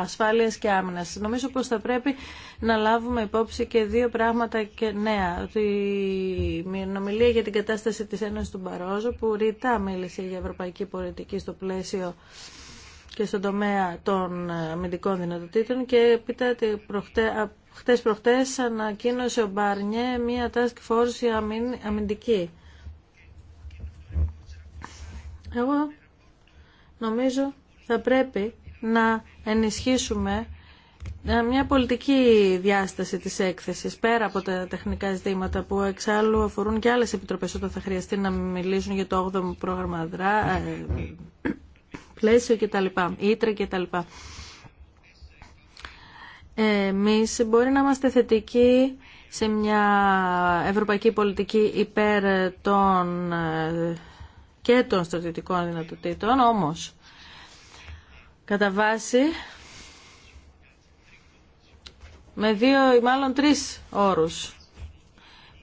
ασφάλειας και άμυνας. Νομίζω πως θα πρέπει να λάβουμε υπόψη και δύο πράγματα και νέα. Η ομιλία για την κατάσταση της Ένωσης του Μπαρόζου, που ρητά μίλησε για ευρωπαϊκή πολιτική στο πλαίσιο και στον τομέα των ε, αμυντικών δυνατοτήτων και επίτα χτες προχτές ανακοίνωσε ο Μπαρνιέ μια task force αμυντική. Εγώ νομίζω θα πρέπει να ενισχύσουμε ε, μια πολιτική διάσταση της έκθεσης πέρα από τα τεχνικά ζητήματα που εξάλλου αφορούν και άλλες επιτροπές όταν θα χρειαστεί να μιλήσουν για το 8ο πρόγραμμα δρά... Ε, πλαίσιο κτλ. Ήτρα κτλ. Εμείς μπορεί να είμαστε θετικοί σε μια ευρωπαϊκή πολιτική υπέρ των και των στρατιωτικών δυνατοτήτων, όμως κατά βάση με δύο ή μάλλον τρεις όρους.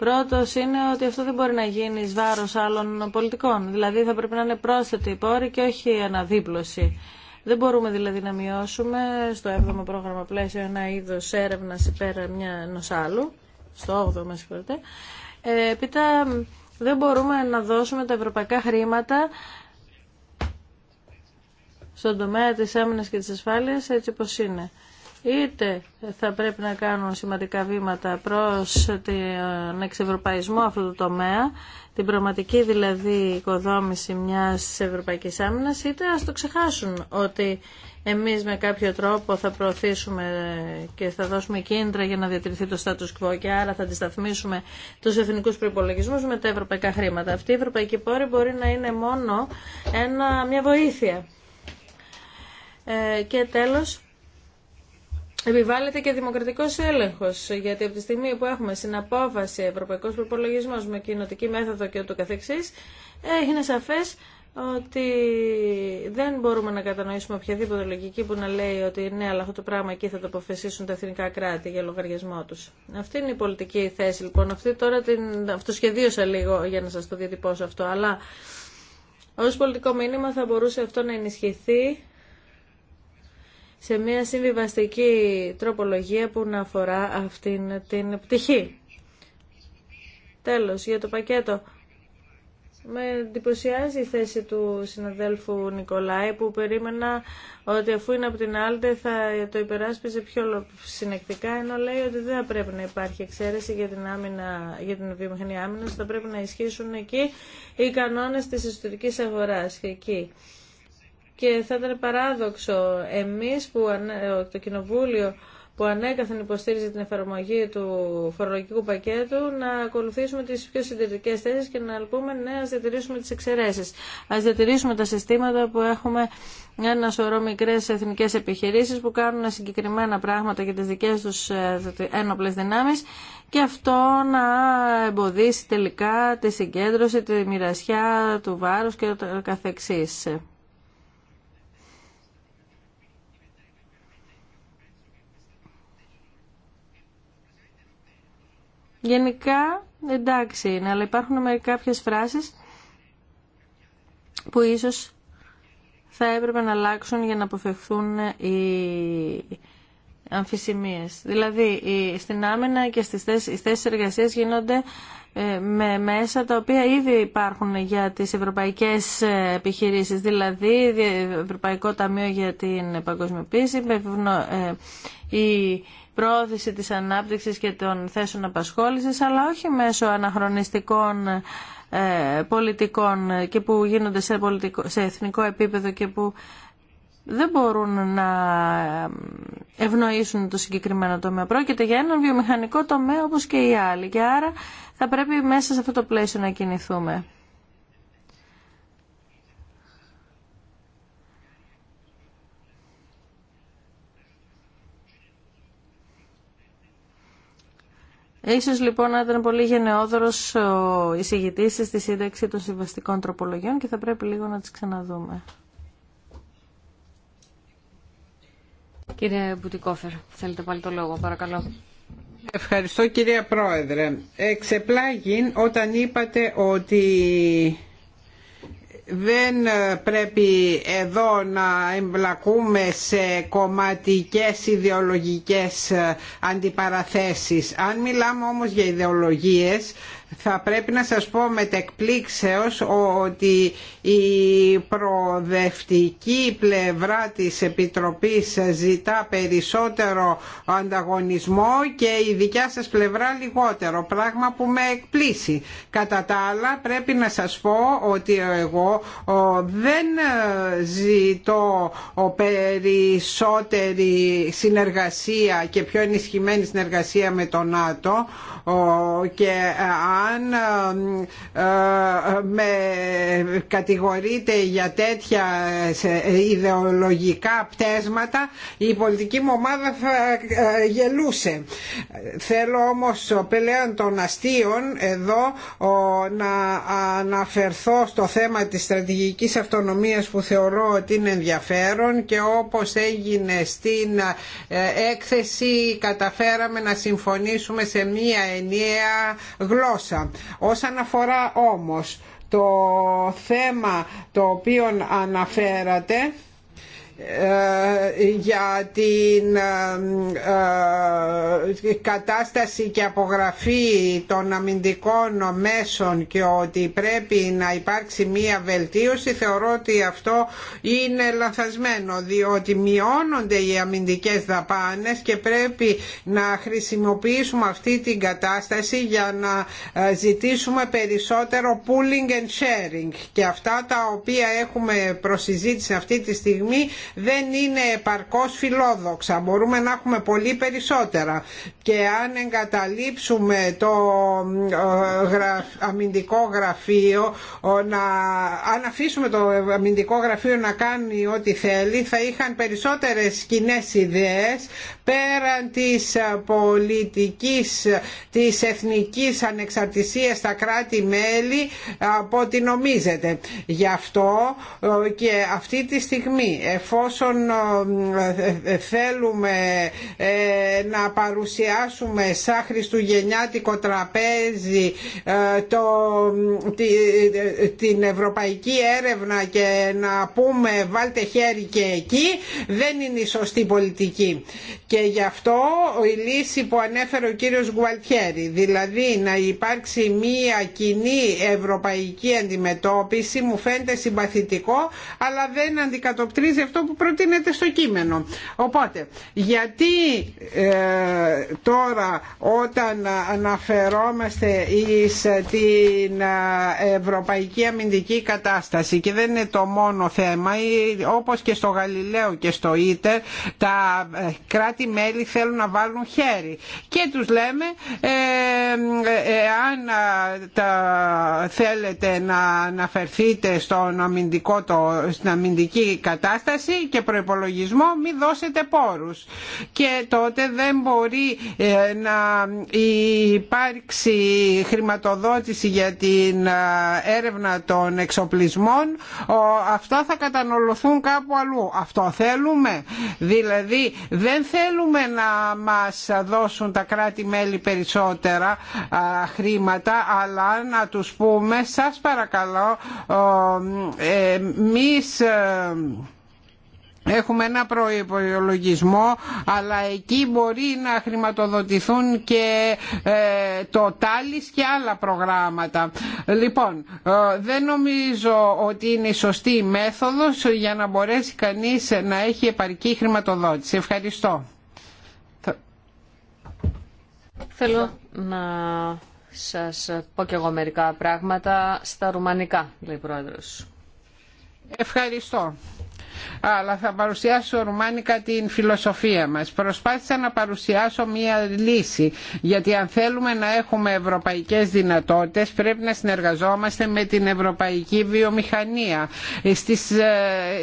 Πρώτος είναι ότι αυτό δεν μπορεί να γίνει ει βάρο άλλων πολιτικών. Δηλαδή θα πρέπει να είναι πρόσθετη η πόρη και όχι αναδίπλωση. Δεν μπορούμε δηλαδή να μειώσουμε στο 7ο πρόγραμμα πλαίσιο ένα είδος έρευνα υπέρ μια ενό άλλου. Στο 8ο, με συγχωρείτε. Επίτα δεν μπορούμε να δώσουμε τα ευρωπαϊκά χρήματα στον τομέα της άμυνας και της ασφάλειας έτσι όπως είναι είτε θα πρέπει να κάνουν σημαντικά βήματα προς τον εξευρωπαϊσμό αυτού του τομέα, την πραγματική δηλαδή οικοδόμηση μιας ευρωπαϊκής άμυνας, είτε ας το ξεχάσουν ότι εμείς με κάποιο τρόπο θα προωθήσουμε και θα δώσουμε κίνητρα για να διατηρηθεί το status quo και άρα θα αντισταθμίσουμε τους εθνικούς προϋπολογισμούς με τα ευρωπαϊκά χρήματα. Αυτή η ευρωπαϊκή πόρη μπορεί να είναι μόνο ένα, μια βοήθεια. Ε, και τέλος, επιβάλλεται και δημοκρατικό έλεγχο, γιατί από τη στιγμή που έχουμε συναπόφαση Ευρωπαϊκό προπολογισμό με κοινοτική μέθοδο και ούτω καθεξής, είναι σαφέ ότι δεν μπορούμε να κατανοήσουμε οποιαδήποτε λογική που να λέει ότι ναι, αλλά αυτό το πράγμα εκεί θα το αποφασίσουν τα εθνικά κράτη για λογαριασμό του. Αυτή είναι η πολιτική θέση λοιπόν. Αυτή τώρα την αυτοσχεδίωσα λίγο για να σα το διατυπώσω αυτό, αλλά ως πολιτικό μήνυμα θα μπορούσε αυτό να ενισχυθεί σε μια συμβιβαστική τροπολογία που να αφορά αυτήν την πτυχή. Τέλος, για το πακέτο. Με εντυπωσιάζει η θέση του συναδέλφου Νικολάη που περίμενα ότι αφού είναι από την Άλτε θα το υπεράσπιζε πιο συνεκτικά ενώ λέει ότι δεν πρέπει να υπάρχει εξαίρεση για την, άμυνα, για την βιομηχανία άμυνας, θα πρέπει να ισχύσουν εκεί οι κανόνες της ιστορικής αγοράς εκεί και θα ήταν παράδοξο εμείς που το Κοινοβούλιο που ανέκαθεν υποστήριζε την εφαρμογή του φορολογικού πακέτου, να ακολουθήσουμε τις πιο συντηρητικέ θέσει και να πούμε ναι, α διατηρήσουμε τι εξαιρέσει. Α διατηρήσουμε τα συστήματα που έχουμε ένα σωρό μικρέ εθνικές επιχειρήσεις που κάνουν συγκεκριμένα πράγματα για τις δικές τους ε, ένοπλες δυνάμεις και αυτό να εμποδίσει τελικά τη συγκέντρωση, τη μοιρασιά του βάρους και το καθεξής. Γενικά εντάξει είναι, αλλά υπάρχουν με κάποιες φράσεις που ίσως θα έπρεπε να αλλάξουν για να αποφευχθούν οι αμφισημίες. Δηλαδή, στην άμενα και στις θέσεις, γίνονται ε, με μέσα τα οποία ήδη υπάρχουν για τις ευρωπαϊκές ε, επιχειρήσεις, δηλαδή Ευρωπαϊκό Ταμείο για την Παγκοσμιοποίηση, ε, η πρόθεση της ανάπτυξης και των θέσεων απασχόλησης, αλλά όχι μέσω αναχρονιστικών ε, πολιτικών και που γίνονται σε, πολιτικό, σε εθνικό επίπεδο και που δεν μπορούν να ευνοήσουν το συγκεκριμένο τομέα. Πρόκειται για έναν βιομηχανικό τομέα όπως και οι άλλοι και άρα θα πρέπει μέσα σε αυτό το πλαίσιο να κινηθούμε. Ίσως λοιπόν να ήταν πολύ γενναιόδωρος ο εισηγητής στη σύνταξη των συμβαστικών τροπολογιών και θα πρέπει λίγο να τις ξαναδούμε. Κύριε Μπουτικόφερ, θέλετε πάλι το λόγο, παρακαλώ. Ευχαριστώ κυρία Πρόεδρε. Εξεπλάγει όταν είπατε ότι δεν ε, πρέπει εδώ να εμπλακούμε σε κομματικές ιδεολογικές ε, αντιπαραθέσεις. Αν μιλάμε όμως για ιδεολογίες θα πρέπει να σας πω με τεκπλήξεως ότι η προοδευτική πλευρά της Επιτροπής ζητά περισσότερο ανταγωνισμό και η δικιά σας πλευρά λιγότερο, πράγμα που με εκπλήσει. Κατά τα άλλα πρέπει να σας πω ότι εγώ δεν ζητώ περισσότερη συνεργασία και πιο ενισχυμένη συνεργασία με τον ΝΑΤΟ και αν ε, ε, με κατηγορείτε για τέτοια ε, ιδεολογικά πτέσματα η πολιτική μου ομάδα θα γελούσε. Θέλω όμως πελέον των αστείων εδώ να αναφερθώ στο θέμα της στρατηγικής αυτονομίας που θεωρώ ότι είναι ενδιαφέρον και όπως έγινε στην έκθεση καταφέραμε να συμφωνήσουμε σε μία ενιαία γλώσσα γλώσσα. Όσον αφορά όμως το θέμα το οποίο αναφέρατε ε, για την ε, ε, κατάσταση και απογραφή των αμυντικών μέσων και ότι πρέπει να υπάρξει μία βελτίωση θεωρώ ότι αυτό είναι λαθασμένο διότι μειώνονται οι αμυντικές δαπάνες και πρέπει να χρησιμοποιήσουμε αυτή την κατάσταση για να ζητήσουμε περισσότερο pooling and sharing και αυτά τα οποία έχουμε προσυζήτηση αυτή τη στιγμή δεν είναι επαρκώς φιλόδοξα. Μπορούμε να έχουμε πολύ περισσότερα και αν εγκαταλείψουμε το ε, αμυντικό γραφείο, να, αν αφήσουμε το αμυντικό γραφείο να κάνει ό,τι θέλει, θα είχαν περισσότερες κοινέ ιδέες πέραν της ε, πολιτικής, της εθνικής ανεξαρτησίας στα κράτη-μέλη από ό,τι νομίζετε. Γι' αυτό ε, και αυτή τη στιγμή εφόσον εφόσον ε, ε, ε, θέλουμε να παρουσιάσουμε σαν χριστουγεννιάτικο τραπέζι το, την ευρωπαϊκή έρευνα και να πούμε βάλτε χέρι και εκεί δεν είναι η σωστή πολιτική και γι' αυτό η λύση που ανέφερε ο κύριος Γουαλτιέρη δηλαδή να υπάρξει μία κοινή ευρωπαϊκή αντιμετώπιση μου φαίνεται συμπαθητικό αλλά δεν αντικατοπτρίζει αυτό που προτείνεται στο κείμενο. Οπότε, γιατί ε, τώρα όταν αναφερόμαστε εις ε, την ε, ευρωπαϊκή αμυντική κατάσταση και δεν είναι το μόνο θέμα, όπως και στο Γαλιλαίο και στο Ίτερ, τα κράτη-μέλη θέλουν να βάλουν χέρι και τους λέμε ε, εάν τα, θέλετε να αναφερθείτε αμυντικό, το, στην αμυντική κατάσταση και προϋπολογισμό μη δώσετε πόρους και τότε δεν μπορεί ε, να υπάρξει χρηματοδότηση για την ε, έρευνα των εξοπλισμών αυτά θα κατανολωθούν κάπου αλλού αυτό θέλουμε δηλαδή δεν θέλουμε να μας δώσουν τα κράτη-μέλη περισσότερα χρήματα αλλά να τους πούμε σας παρακαλώ εμείς ε, Έχουμε ένα προϋπολογισμό αλλά εκεί μπορεί να χρηματοδοτηθούν και ε, το τάλις και άλλα προγράμματα. Λοιπόν, ε, δεν νομίζω ότι είναι η σωστή μέθοδος για να μπορέσει κανείς να έχει επαρκή χρηματοδότηση. Ευχαριστώ. Θέλω να σας πω και εγώ μερικά πράγματα στα ρουμανικά, λέει ο Πρόεδρος. Ευχαριστώ αλλά θα παρουσιάσω ρουμάνικα την φιλοσοφία μας. Προσπάθησα να παρουσιάσω μία λύση, γιατί αν θέλουμε να έχουμε ευρωπαϊκές δυνατότητες πρέπει να συνεργαζόμαστε με την ευρωπαϊκή βιομηχανία. Στις, ε,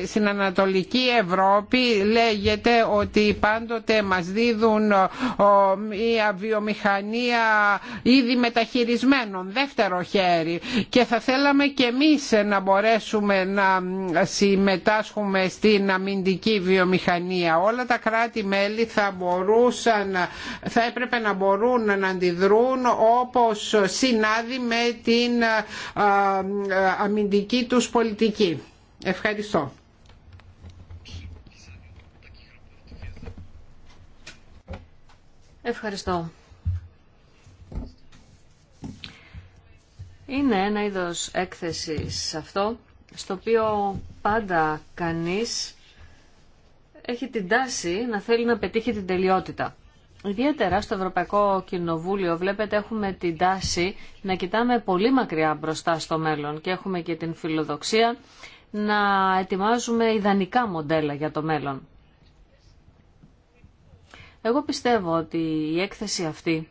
στην Ανατολική Ευρώπη λέγεται ότι πάντοτε μας δίδουν μία βιομηχανία ήδη μεταχειρισμένων, δεύτερο χέρι και θα θέλαμε και εμείς να μπορέσουμε να συμμετάσχουμε στην αμυντική βιομηχανία. Όλα τα κράτη-μέλη θα, μπορούσαν, θα έπρεπε να μπορούν να αντιδρούν όπως συνάδει με την αμυντική τους πολιτική. Ευχαριστώ. Ευχαριστώ. Είναι ένα είδος έκθεσης αυτό, στο οποίο πάντα κανείς έχει την τάση να θέλει να πετύχει την τελειότητα. Ιδιαίτερα στο Ευρωπαϊκό Κοινοβούλιο βλέπετε έχουμε την τάση να κοιτάμε πολύ μακριά μπροστά στο μέλλον και έχουμε και την φιλοδοξία να ετοιμάζουμε ιδανικά μοντέλα για το μέλλον. Εγώ πιστεύω ότι η έκθεση αυτή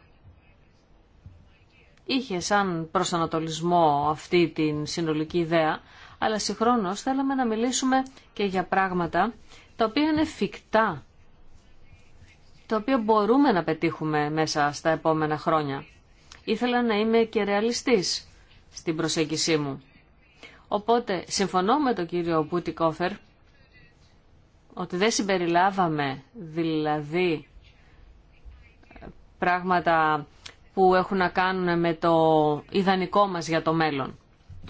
είχε σαν προσανατολισμό αυτή την συνολική ιδέα, αλλά συγχρόνως θέλαμε να μιλήσουμε και για πράγματα τα οποία είναι φυκτά, τα οποία μπορούμε να πετύχουμε μέσα στα επόμενα χρόνια. Ήθελα να είμαι και ρεαλιστής στην προσέγγισή μου. Οπότε συμφωνώ με τον κύριο Κόφερ ότι δεν συμπεριλάβαμε δηλαδή πράγματα που έχουν να κάνουν με το ιδανικό μας για το μέλλον.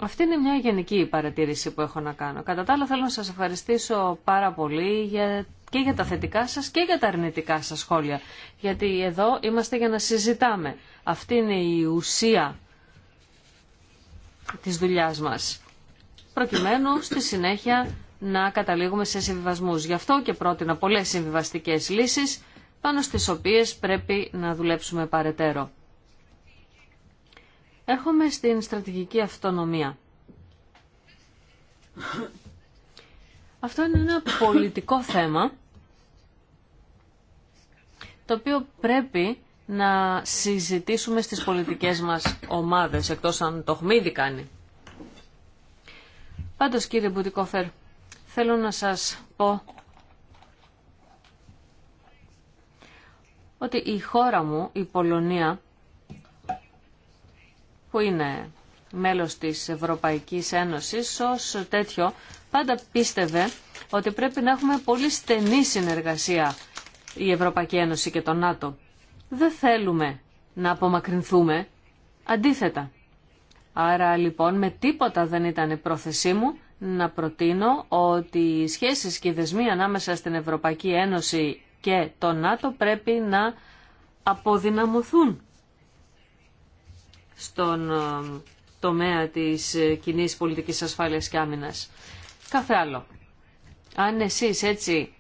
Αυτή είναι μια γενική παρατήρηση που έχω να κάνω. Κατά τα άλλα θέλω να σας ευχαριστήσω πάρα πολύ για... και για τα θετικά σας και για τα αρνητικά σας σχόλια. Γιατί εδώ είμαστε για να συζητάμε. Αυτή είναι η ουσία της δουλειάς μας. Προκειμένου στη συνέχεια να καταλήγουμε σε συμβιβασμούς. Γι' αυτό και πρότεινα πολλές συμβιβαστικές λύσεις πάνω στις οποίες πρέπει να δουλέψουμε παρετέρω. Έχουμε στην στρατηγική αυτονομία. Αυτό είναι ένα πολιτικό θέμα το οποίο πρέπει να συζητήσουμε στις πολιτικές μας ομάδες, εκτός αν το έχουμε ήδη κάνει. Πάντως κύριε Μπουτικόφερ, θέλω να σας πω ότι η χώρα μου, η Πολωνία, που είναι μέλος της Ευρωπαϊκής Ένωσης ως τέτοιο πάντα πίστευε ότι πρέπει να έχουμε πολύ στενή συνεργασία η Ευρωπαϊκή Ένωση και το ΝΑΤΟ. Δεν θέλουμε να απομακρυνθούμε, αντίθετα. Άρα λοιπόν με τίποτα δεν ήταν η πρόθεσή μου να προτείνω ότι οι σχέσεις και οι δεσμοί ανάμεσα στην Ευρωπαϊκή Ένωση και το ΝΑΤΟ πρέπει να αποδυναμωθούν στον ε, τομέα της ε, κοινή πολιτικής ασφάλειας και άμυνας. Κάθε άλλο. Αν εσείς έτσι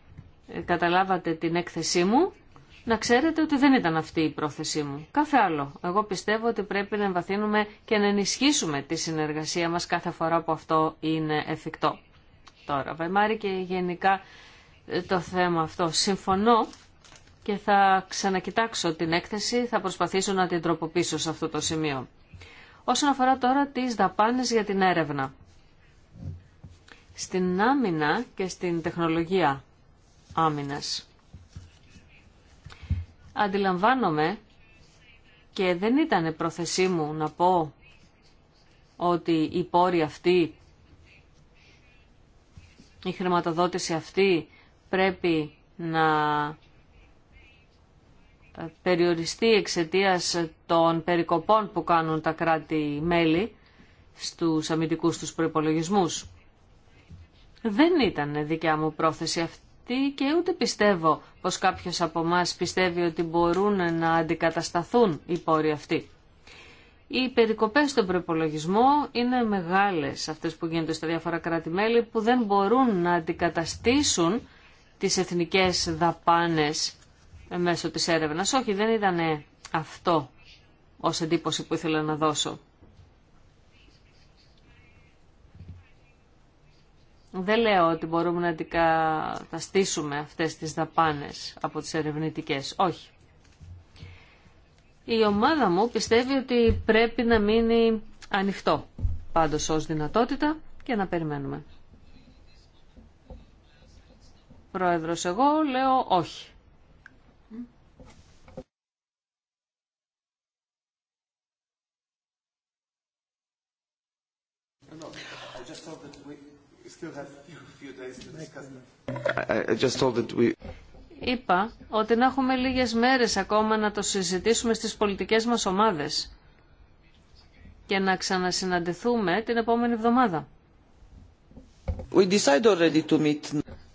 ε, καταλάβατε την έκθεσή μου, να ξέρετε ότι δεν ήταν αυτή η πρόθεσή μου. Κάθε άλλο. Εγώ πιστεύω ότι πρέπει να εμβαθύνουμε και να ενισχύσουμε τη συνεργασία μας κάθε φορά που αυτό είναι εφικτό. Τώρα, Βαϊμάρη και γενικά το θέμα αυτό. Συμφωνώ και θα ξανακοιτάξω την έκθεση, θα προσπαθήσω να την τροποποιήσω σε αυτό το σημείο. Όσον αφορά τώρα τις δαπάνες για την έρευνα. Στην άμυνα και στην τεχνολογία άμυνας. Αντιλαμβάνομαι και δεν ήταν πρόθεσή μου να πω ότι η πόρη αυτή, η χρηματοδότηση αυτή πρέπει να περιοριστεί εξαιτία των περικοπών που κάνουν τα κράτη-μέλη στους αμυντικούς τους προϋπολογισμούς. Δεν ήταν δικιά μου πρόθεση αυτή και ούτε πιστεύω πως κάποιος από εμά πιστεύει ότι μπορούν να αντικατασταθούν οι πόροι αυτοί. Οι περικοπές στον προπολογισμό είναι μεγάλες αυτές που γίνονται στα διάφορα κράτη-μέλη που δεν μπορούν να αντικαταστήσουν τις εθνικές δαπάνες μέσω της έρευνας. Όχι, δεν ήταν αυτό ως εντύπωση που ήθελα να δώσω. Δεν λέω ότι μπορούμε να αντικαταστήσουμε αυτές τις δαπάνες από τις ερευνητικές. Όχι. Η ομάδα μου πιστεύει ότι πρέπει να μείνει ανοιχτό πάντως ως δυνατότητα και να περιμένουμε. Πρόεδρος εγώ λέω όχι. Είπα ότι να έχουμε λίγες μέρες ακόμα να το συζητήσουμε στις πολιτικές μας ομάδες και να ξανασυναντηθούμε την επόμενη εβδομάδα.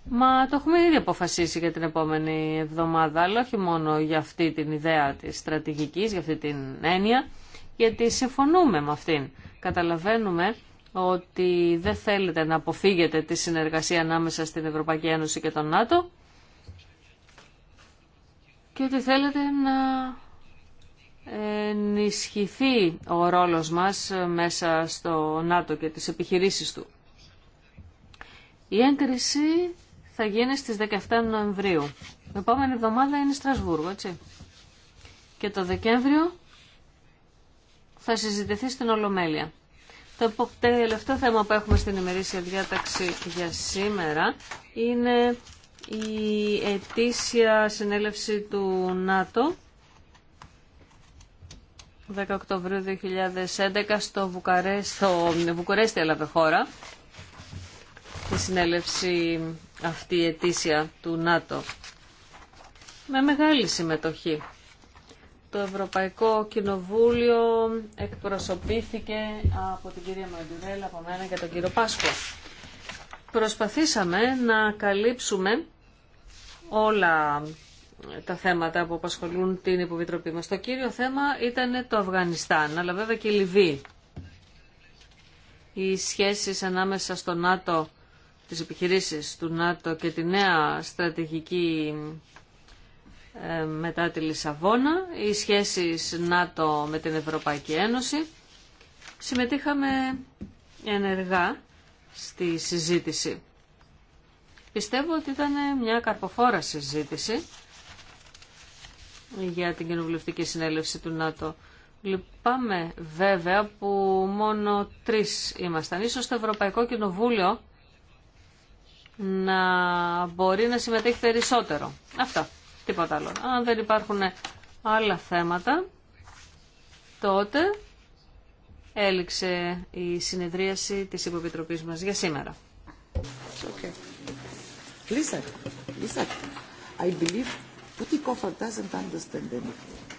Μα το έχουμε ήδη αποφασίσει για την επόμενη εβδομάδα, αλλά όχι μόνο για αυτή την ιδέα της στρατηγικής, για αυτή την έννοια, γιατί συμφωνούμε με αυτήν. Καταλαβαίνουμε ότι δεν θέλετε να αποφύγετε τη συνεργασία ανάμεσα στην Ευρωπαϊκή Ένωση και τον ΝΑΤΟ και ότι θέλετε να ενισχυθεί ο ρόλος μας μέσα στο ΝΑΤΟ και τις επιχειρήσεις του. Η έγκριση θα γίνει στις 17 Νοεμβρίου. Η επόμενη εβδομάδα είναι Στρασβούργο, έτσι. Και το Δεκέμβριο θα συζητηθεί στην Ολομέλεια. Το τελευταίο θέμα που έχουμε στην ημερήσια διάταξη για σήμερα είναι η ετήσια συνέλευση του ΝΑΤΟ 10 Οκτωβρίου 2011 στο, Βουκουρέστι, Βουκουρέστι έλαβε χώρα τη συνέλευση αυτή η ετήσια του ΝΑΤΟ με μεγάλη συμμετοχή το Ευρωπαϊκό Κοινοβούλιο εκπροσωπήθηκε από την κυρία Μαντουρέλα, από μένα και τον κύριο Πάσκο. Προσπαθήσαμε να καλύψουμε όλα τα θέματα που απασχολούν την Υποβιτροπή μας. Το κύριο θέμα ήταν το Αφγανιστάν, αλλά βέβαια και η Λιβύη. Οι σχέσεις ανάμεσα στο ΝΑΤΟ, τις επιχειρήσεις του ΝΑΤΟ και τη νέα στρατηγική μετά τη Λισαβόνα, οι σχέσεις ΝΑΤΟ με την Ευρωπαϊκή Ένωση. Συμμετείχαμε ενεργά στη συζήτηση. Πιστεύω ότι ήταν μια καρποφόρα συζήτηση για την κοινοβουλευτική συνέλευση του ΝΑΤΟ. Λυπάμαι βέβαια που μόνο τρεις ήμασταν. Ίσως το Ευρωπαϊκό Κοινοβούλιο να μπορεί να συμμετέχει περισσότερο. Αυτά. Τίποτα άλλο. Αν δεν υπάρχουν άλλα θέματα, τότε έληξε η συνεδρίαση της Υποπιτροπής μας για σήμερα. Okay. Listen, listen. I believe Putikoffer doesn't understand anything.